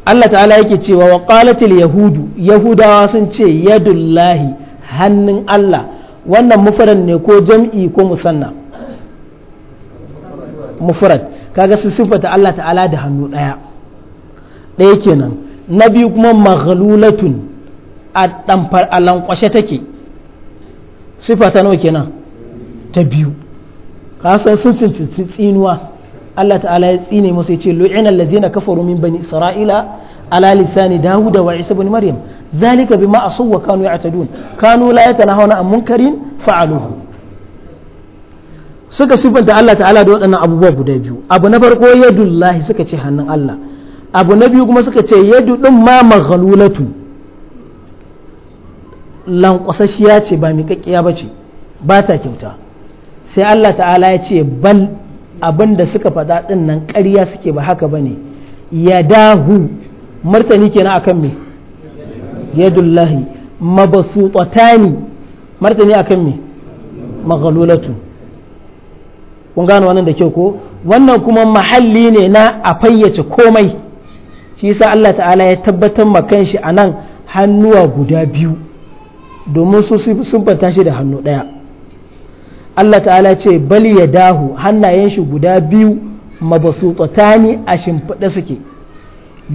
Allah ta'ala yake cewa wa qalatil yahudu yahudawa sun ce yadullahi hannun Allah wannan mufrad ne ko jam'i ko musanna mufrad kaga su sifata Allah ta'ala da hannu ɗaya ɗaya kenan na biyu kuma maghlulatun a ɗanfar a lankwashe take sifata nawa kenan ta biyu ka san sun tsinuwa Allah ta'ala ya tsine masu ya ce lu'ina allazina kafaru min bani isra'ila ala lisani da wa isa ibn maryam zalika bima asaw wa kanu ya'tadun kanu la yatanahawna an munkarin suka sifanta Allah ta'ala da waɗannan abubuwa guda biyu abu na farko lahi suka ce hannun Allah abu na biyu kuma suka ce yadu din ma maghlulatu lankwasashiya ce ba miƙaƙƙiya ba ce ba ta kyauta sai Allah ta'ala ya ce bal abin da suka faɗa ɗin nan ƙarya suke ba haka ba ne dahu martani kenan akan me yadullahi mabsutatani martani akan me maghlulatu kun gano wannan da kyau ko wannan kuma mahalli ne na a fayyace komai shi yasa Allah ta'ala ya tabbatar ma kanshi nan hannuwa guda biyu domin su sun shi da hannu ɗaya Allah ta'ala ce bali ya dahu hannayen shi guda biyu mabasutatani a shimfiɗe suke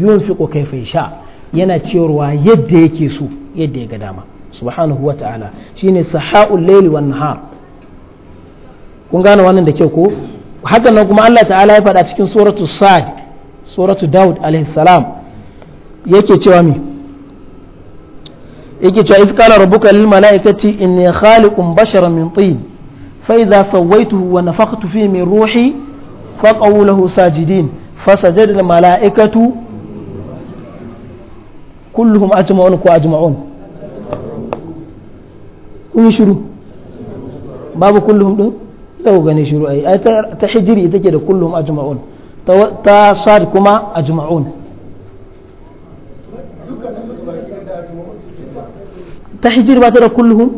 yunfiqu kayfa sha yana ciyarwa yadda yake so yadda ya ga dama subhanahu wa ta'ala shine sahaul layli wan nahar kun gane wannan da kyau ko haka nan kuma Allah ta'ala ya faɗa cikin suratu sad suratu daud alaihi salam yake cewa mi yake cewa iz qala rabbuka lil malaikati inni khaliqun basharan min tin fa idza sawaituhu wa nafakhtu fihi min ruhi fa qawluhu sajidin al mala'ikatu kulluhum ajma'un ko ajma'un kun shiru babu kulluhum din zai gane shiru ai ai ta hijiri take da kulluhum ajma'un ta sad kuma ajma'un ta hijiri ba ta da kulluhum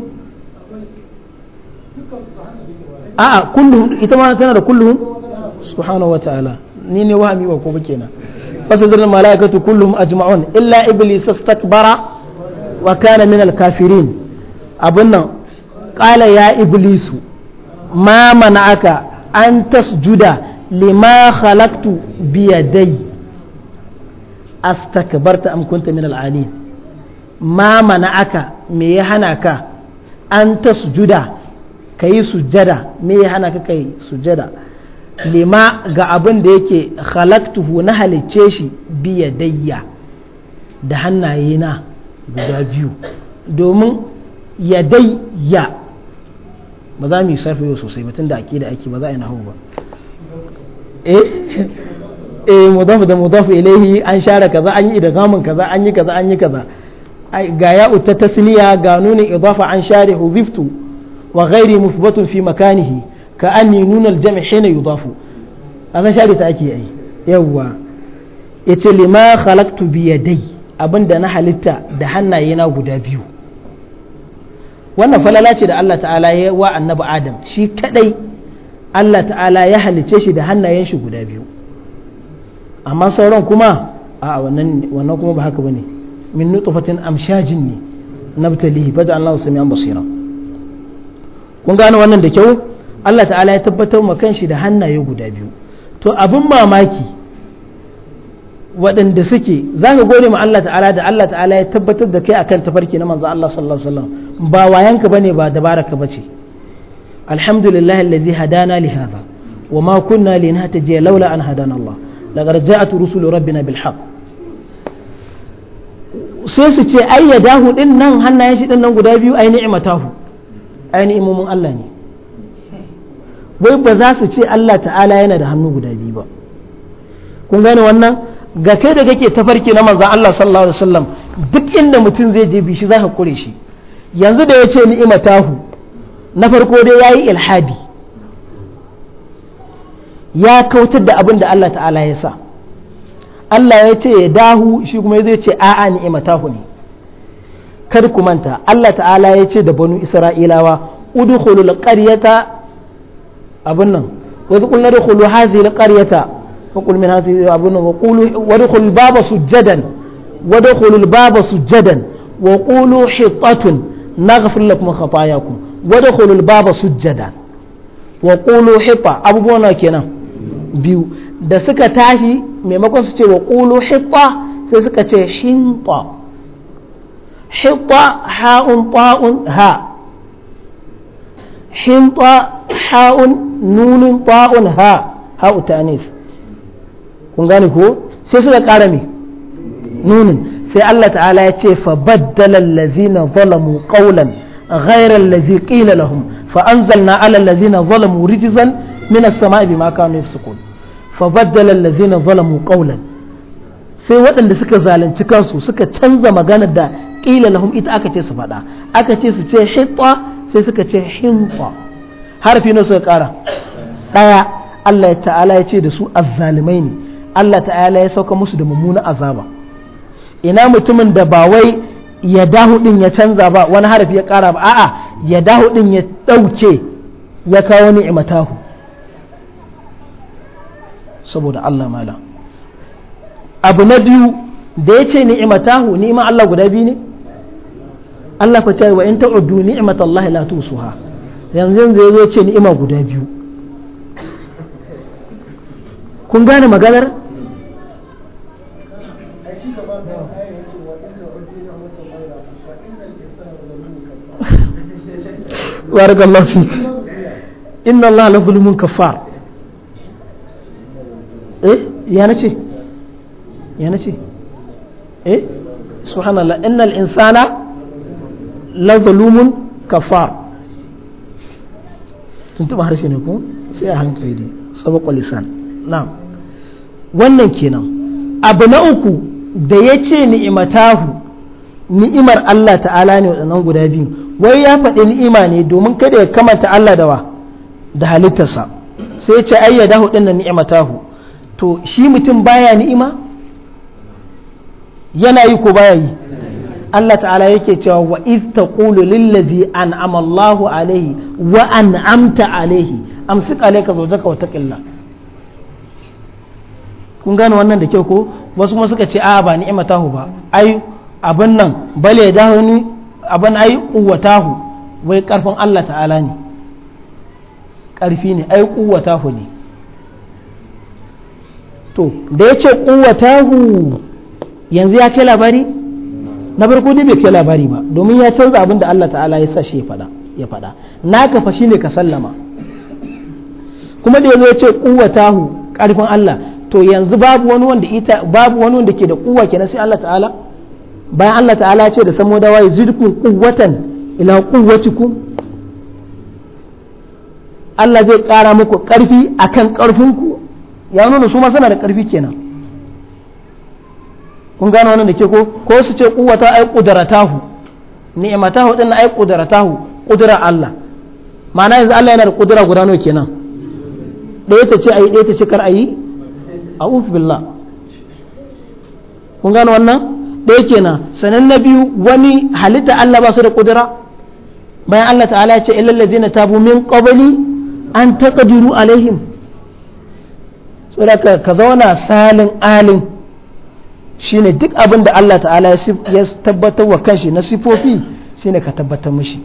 a'a ita ma da kulluhum ni ne wahami ko ba kenan فصدر الملائكة كلهم أجمعون إلا إبليس استكبر وكان من الكافرين أبنا قال يا إبليس ما منعك أن تسجد لما خلقت بيدي أستكبرت أم كنت من العالين ما منعك ميهنك أن تسجد كي سجد ميهنك كي سجد lima ga abin da yake khalaqtuhu na halicce shi biyadayya da hannaye na guda biyu domin yadayya ba za mu yi sarfe yau sosai mutum da ake da ake ba za a yi nahu ba eh, eh mudafu da mudafu ilaihi an share kaza an yi idgamin kaza an yi kaza an yi kaza ga ya utta tasniya ga nunin idafa an share hubiftu wa ghairi mufbatun fi makanihi ka aminun aljami hina yudafu a san share ta ake yi yawwa ce lima khalaqtu bi dai abinda na halitta da hannaye na guda biyu wannan falala ce da Allah ta'ala ya wa annabi adam shi kadai Allah ta'ala ya halice shi da hannayen shi guda biyu amma sauran kuma a wannan wannan kuma ba haka bane min nutfatin amshajin ne nabtalihi faja'alnahu samian basira kun gane wannan da kyau Allah ta'ala ya tabbatar ma kanshi da hannaye guda biyu to abin mamaki waɗanda suke za ka gode ma Allah ta'ala da Allah ta'ala ya tabbatar da kai akan tafarki na manzo Allah sallallahu alaihi wasallam ba wayanka bane ba dabaraka bace alhamdulillah alladhi hadana li hadha wa ma kunna linahtadiya laula an hadana Allah laqad ja'at rusulu rabbina bil haqq sai su ce ai ya dahu din nan hannayen shi din nan guda biyu ai ni'imatahu ai ni'imomin Allah ne wai ba za su ce Allah ta'ala yana da hannu guda biyu ba kun gane wannan ga kai da kake tafarki na manzan Allah sallallahu alaihi wasallam duk inda mutum zai je bishi za ka kure shi yanzu da ya ce ni'ima na farko dai yayi ilhadi ya kautar da abin da Allah ta'ala ya sa Allah ya ce ya dahu shi kuma zai ce a'a ni'ima tahu ne kar ku manta Allah ta'ala ya ce da banu Isra'ilawa udkhulul qaryata abun nan wa qulna dukhulu hadhihi alqaryata fa qul min hadhihi abun nan wa qulu wa dukhulu baba sujadan wa dukhulu baba sujadan wa qulu hitatun naghfir kafaya khatayakum wa dukhulu baba su sujadan wa qulu hita abubuwan kenan biyu da suka tashi maimakon su ce wa qulu hita sai suka ce hinta حطة حاء طاء ها حنطة حاء nunin ta'un ha ha utanis kun gane ko sai suka ƙara me nunin sai Allah ta'ala ya ce fa baddala allazina zalamu qawlan ghayra allazi qila lahum fa anzalna ala allazina zalamu rijzan min as-sama'i bima kanu yafsukun fa baddala allazina zalamu qawlan sai waɗanda suka zalunci kansu suka canza maganar da qila lahum ita aka ce su faɗa aka ce su ce hitwa sai suka ce hinfa. harfi na suka kara ɗaya Allah ya ta'ala ya ce da su azzalimai ne Allah ta'ala ya sauka musu da mummuna azaba ina mutumin da ba wai ya dahu din ya canza ba wani harfi ya kara ba a'a ya dahu din ya ɗauke ya kawo ni'imatahu saboda Allah mala abu na biyu da ya ce ni'imatahu ni'ima Allah guda biyu ne Allah fa ce wa in ta'uddu ni'imatallah la tusuha yanzu yanzu ya zo ce ni'ima guda biyu kun gane maganar warik Allah fi inna Allah la zulmun kafar eh ya na ce ya na ce eh subhanallah innal insana la zulumun kafar har harshe ne ko sai a hankali ne, sabakwa lisan na wannan kenan abu na uku da ya ce ni'imatahu ni'imar Allah ta'ala ne waɗannan guda biyu wai ya faɗi ni'ima ne domin kada ya kamata Allah da wa da halittarsa sai ce da hudun na ni'imatahu to shi mutum baya ni'ima yana yi ko baya yi Allah ta'ala yake cewa wa iz taqulu lillazi an'ama Allahu alayhi wa an'amta alayhi amsik alayka zawjaka wa taqilla kun gane wannan da kyau ko wasu kuma suka ce a ba ni'imatahu ba ai abin nan bale da ni abin ai quwwatahu wai karfin Allah ta'ala ne karfi ne ai quwwatahu ne to da yace quwwatahu yanzu ya kai labari na farko dai bai kai labari ba domin ya canza abin da Allah ta'ala ya sa shi ya faɗa ka fashi ne ka sallama kuma da yanzu ya ce tahu karfin Allah to yanzu babu wani wanda ita babu wani wanda ke da kuwa kenan sai Allah ta'ala bayan Allah ta'ala ya ce da samo dawa wai zidkun kuwatan ila kuwatikum Allah zai kara muku karfi akan karfinku ya nuna su ma suna da karfi kenan kun gano wannan da ke ko ko su ce kuwata ai kudaratahu ni'matahu din ai kudaratahu kudura Allah ma'ana yanzu Allah yana da kudura guda nawa kenan da ta ce ayi ɗaya ta ce kar ayi a'udhu billah kun gano wannan da kenan sanan na biyu wani halitta Allah ba su da kudura bayan Allah ta'ala ya ce illal ladzina tabu min qabli an taqdiru alaihim saboda ka zauna salin alin shine duk abin da Allah ta'ala ya tabbatar wa kanshi na sifofi shine ka tabbatar mishi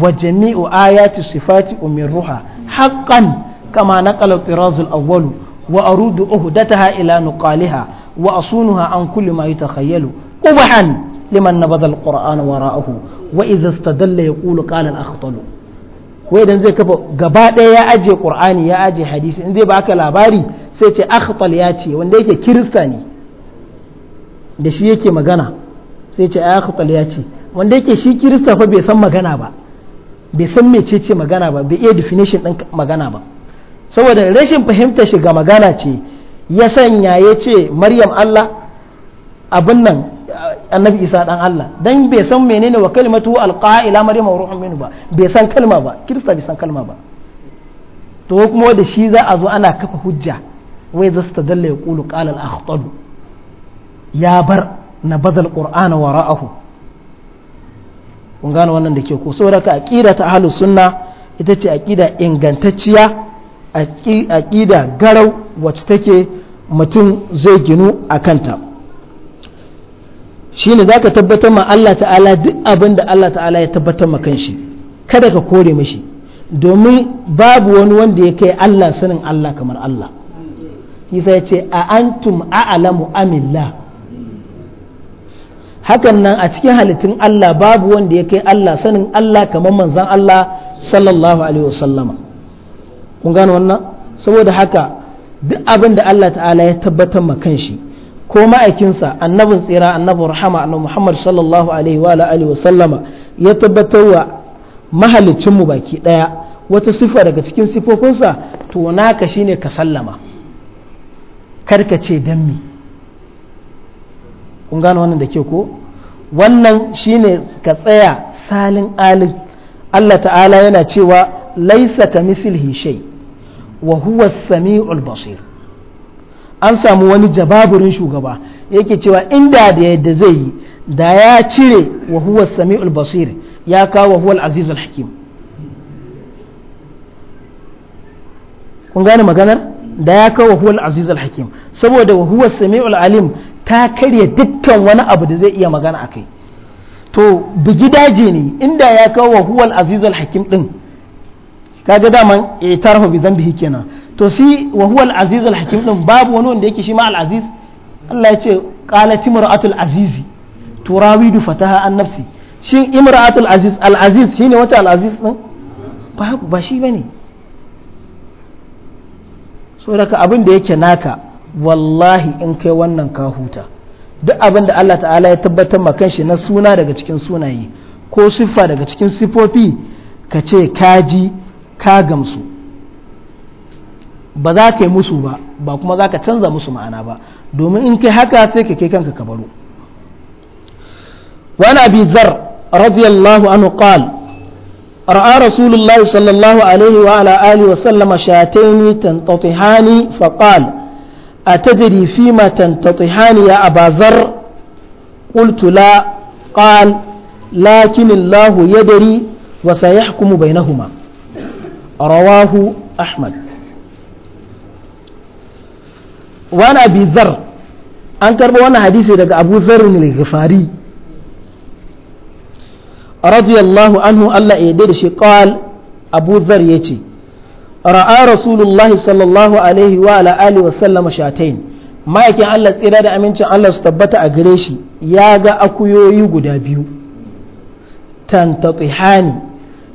wa jami'u ayati sifati umirruha haqqan kama naqala tirazul awwal wa arudu uhdataha ila nuqaliha wa asunuha an kulli ma yatakhayyalu qubhan liman nabadha alqur'ana wara'ahu wa idha istadalla yaqulu qala al wai idan zai kafa gaba ɗaya ya ajiye ƙur'ani ya ajiye hadisi in zai baka labari sai ce akhtal ya ce wanda yake kirista ne da shi yake magana sai ce ya khatal ya ce wanda yake shi kirista fa bai san magana ba bai san mecece magana ba bai iya definition din magana ba saboda rashin fahimtar shi ga magana ce ya sanya ya ce maryam allah abin nan annabi isa dan allah dan bai san menene wa kalmatu alqa'ila maryam wa ruhun ba bai san kalma ba kirista bai san kalma ba to kuma da shi za a zo ana kafa hujja wai zasta dalla ya qala al-akhtadu ya bar na badal qur'ana ra'ahu. kun gane wannan da ke ko saboda ka aqida ta ahlus sunna ita ce aqida ingantacciya aqida garau wacce take mutum zai ginu a kanta shine zaka tabbatar ma Allah ta'ala duk abin da Allah ta'ala ya tabbatar ma kanshi kada ka kore mashi domin babu wani wanda ya kai Allah sanin Allah kamar Allah yasa ya ce a antum a'lamu amillah hakan nan a cikin halittun Allah babu wanda ya kai Allah sanin Allah kamar manzan Allah sallallahu alaihi wasallama kun gano wannan saboda haka duk abin da Allah ta'ala ya tabbatar ma kanshi ko ma'aikinsa annabin tsira annabin rahama annabi Muhammad sallallahu alaihi wa alihi wasallama ya tabbatar wa mahalicin mu baki ɗaya wata sifa daga cikin sifofinsa to naka shine ka sallama karka ce dan me kun gane wannan da ke ko wannan shine ka tsaya salin alik Allah ta'ala yana cewa laisa ka mislihi shay wa huwa samiul basir an samu wani jababurin shugaba yake cewa inda da yadda zai yi da ya cire wa huwa samiul basir ya kawo huwa al-aziz al-hakim kun gane maganar da ya kawo huwa al-aziz al-hakim saboda wahuwa samiul alim ta karya dukkan wani abu da zai iya magana a kai to bugi daji ne inda ya kawo wa huwal azizul hakim din kaga daman itarhu eh, bi zambihi kenan to si wa huwal azizul hakim din babu wani wanda yake shi ma al aziz Allah ya ce qala timratul azizi turawidu fataha an nafsi shin imra'atul aziz al aziz shine wace al aziz din babu ba shi bane so daga abin da yake naka wallahi in kai wannan ka huta duk abin da Allah ta'ala ya tabbatar ma shi na suna daga cikin sunaye ko siffa daga cikin sifofi ka ce ka ji ka gamsu ba za ka yi musu ba ba kuma za ka canza musu ma'ana ba domin in kai haka sai ka kai kanka ka baro wani bi zar radiyallahu anhu qal ra'a rasulullahi sallallahu alaihi wa ala alihi wa sallama shatayni tantatihani fa qala أتدري فيما تنتطحان يا أبا ذر قلت لا قال لكن الله يدري وسيحكم بينهما رواه أحمد وأنا أبي ذر أنكر وأنا حديثي لك أبو ذر الغفاري رضي الله عنه الله يدري قال أبو ذر يتي ra'a rasulullahi sallallahu alaihi wa ala alihi wa sallama shatain ma'aikin Allah tsira da amincin Allah su tabbata a gare shi ya ga akuyoyi guda biyu tantatihani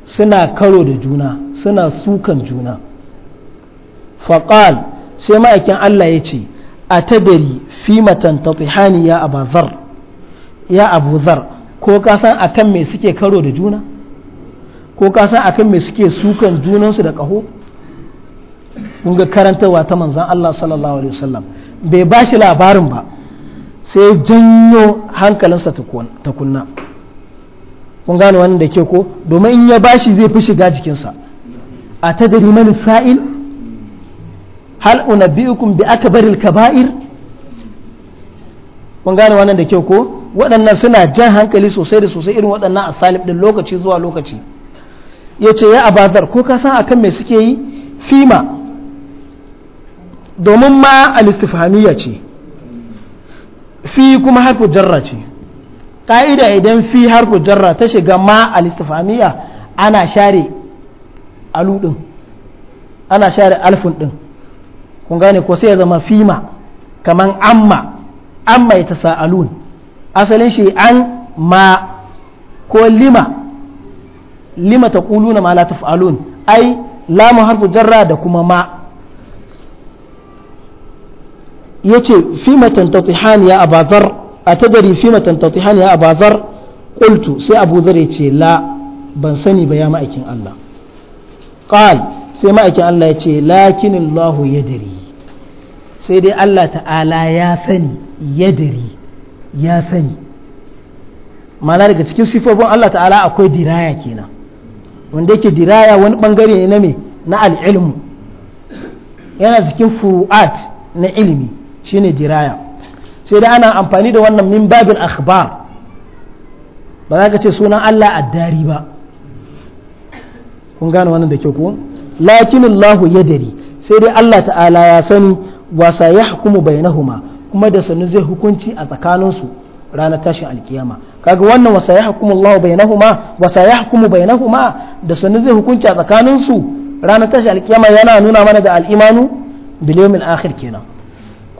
suna karo da juna suna sukan juna faqal sai ma'aikin Allah ya ce a tadari fi matantatihani ya abazar ya abuzar ko ka san akan me suke karo da juna ko ka san akan me suke sukan junansu da ƙaho ga karantarwa ta manzan Allah sallallahu alaihi wasallam bai ba shi labarin ba sai janyo hankalinsa ta kunna kun gane wannan da ke ko domin in ya bashi zai fi shiga jikinsa a ta dari mani sa'il hal unabbi'ukum bi akbaril kaba'ir kun gane wannan da ke ko waɗannan suna jan hankali sosai da sosai irin waɗannan asalib ɗin lokaci zuwa lokaci ya ce ya abadar!' ko ka san akan me suke yi fima domin ma alistifamiya ce fi kuma harfu jarra ce ƙa'ida idan fi harfu jarra ta shiga ma alistifamiya ana share aluɗin ana share alfin din kun gane ko sai ya zama fima kaman amma amma ya tasa'alun asalin shi an ma ko lima lima ta na ma la fa'alun ai lamu harfu jarra da kuma ma Yace ce fi matantatihani ya abazar a tadari fi matantatihani ya abazar ƙultu sai abu zar ya ce la ban sani ba ya ma'aikin Allah ƙal sai ma'aikin Allah ya ce lakin Allah ya dari sai dai Allah ta'ala ya sani ya dari ya sani mana daga cikin sifofin Allah ta'ala akwai diraya kenan wanda yake diraya wani bangare ne na me na al'ilmu yana cikin furu'at na ilimi shine diraya sai dai ana amfani da wannan min babin akhbar ba za ka ce sunan Allah addari ba kun gane wannan da kyau ko lakin Allah ya dari sai dai Allah ta'ala ya sani wa sa yahkumu bainahuma kuma da sanu zai hukunci a tsakaninsu ranar tashin alkiyama kaga wannan wa sa yahkumu Allah bainahuma wa sa yahkumu bainahuma da sanu zai hukunci a tsakaninsu ranar tashin alkiyama yana nuna mana da al'imanu bil yawmil akhir kenan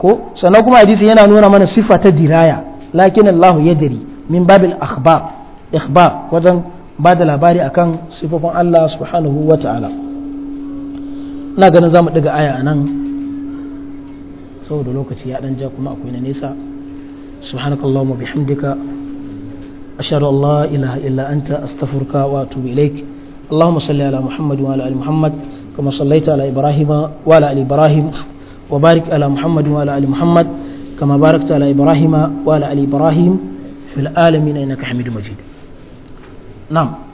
ko sannan kuma hadisi yana nuna mana sifa ta diraya lakin Allah ya dari min babil akhbar ikhbar wajen ba da labari akan sifofin Allah subhanahu wa ta'ala na ganin zamu daga aya anan nan saboda lokaci ya dan ja kuma akwai na nesa subhanakallahumma bihamdika ashhadu an la ilaha illa anta astaghfiruka wa atubu ilaik اللهم صل على محمد وعلى ال محمد كما صليت على ابراهيم وعلى ال ابراهيم وبارك على محمد وعلى آل محمد كما باركت على إبراهيم وعلى آل إبراهيم في العالمين إنك حميد مجيد نعم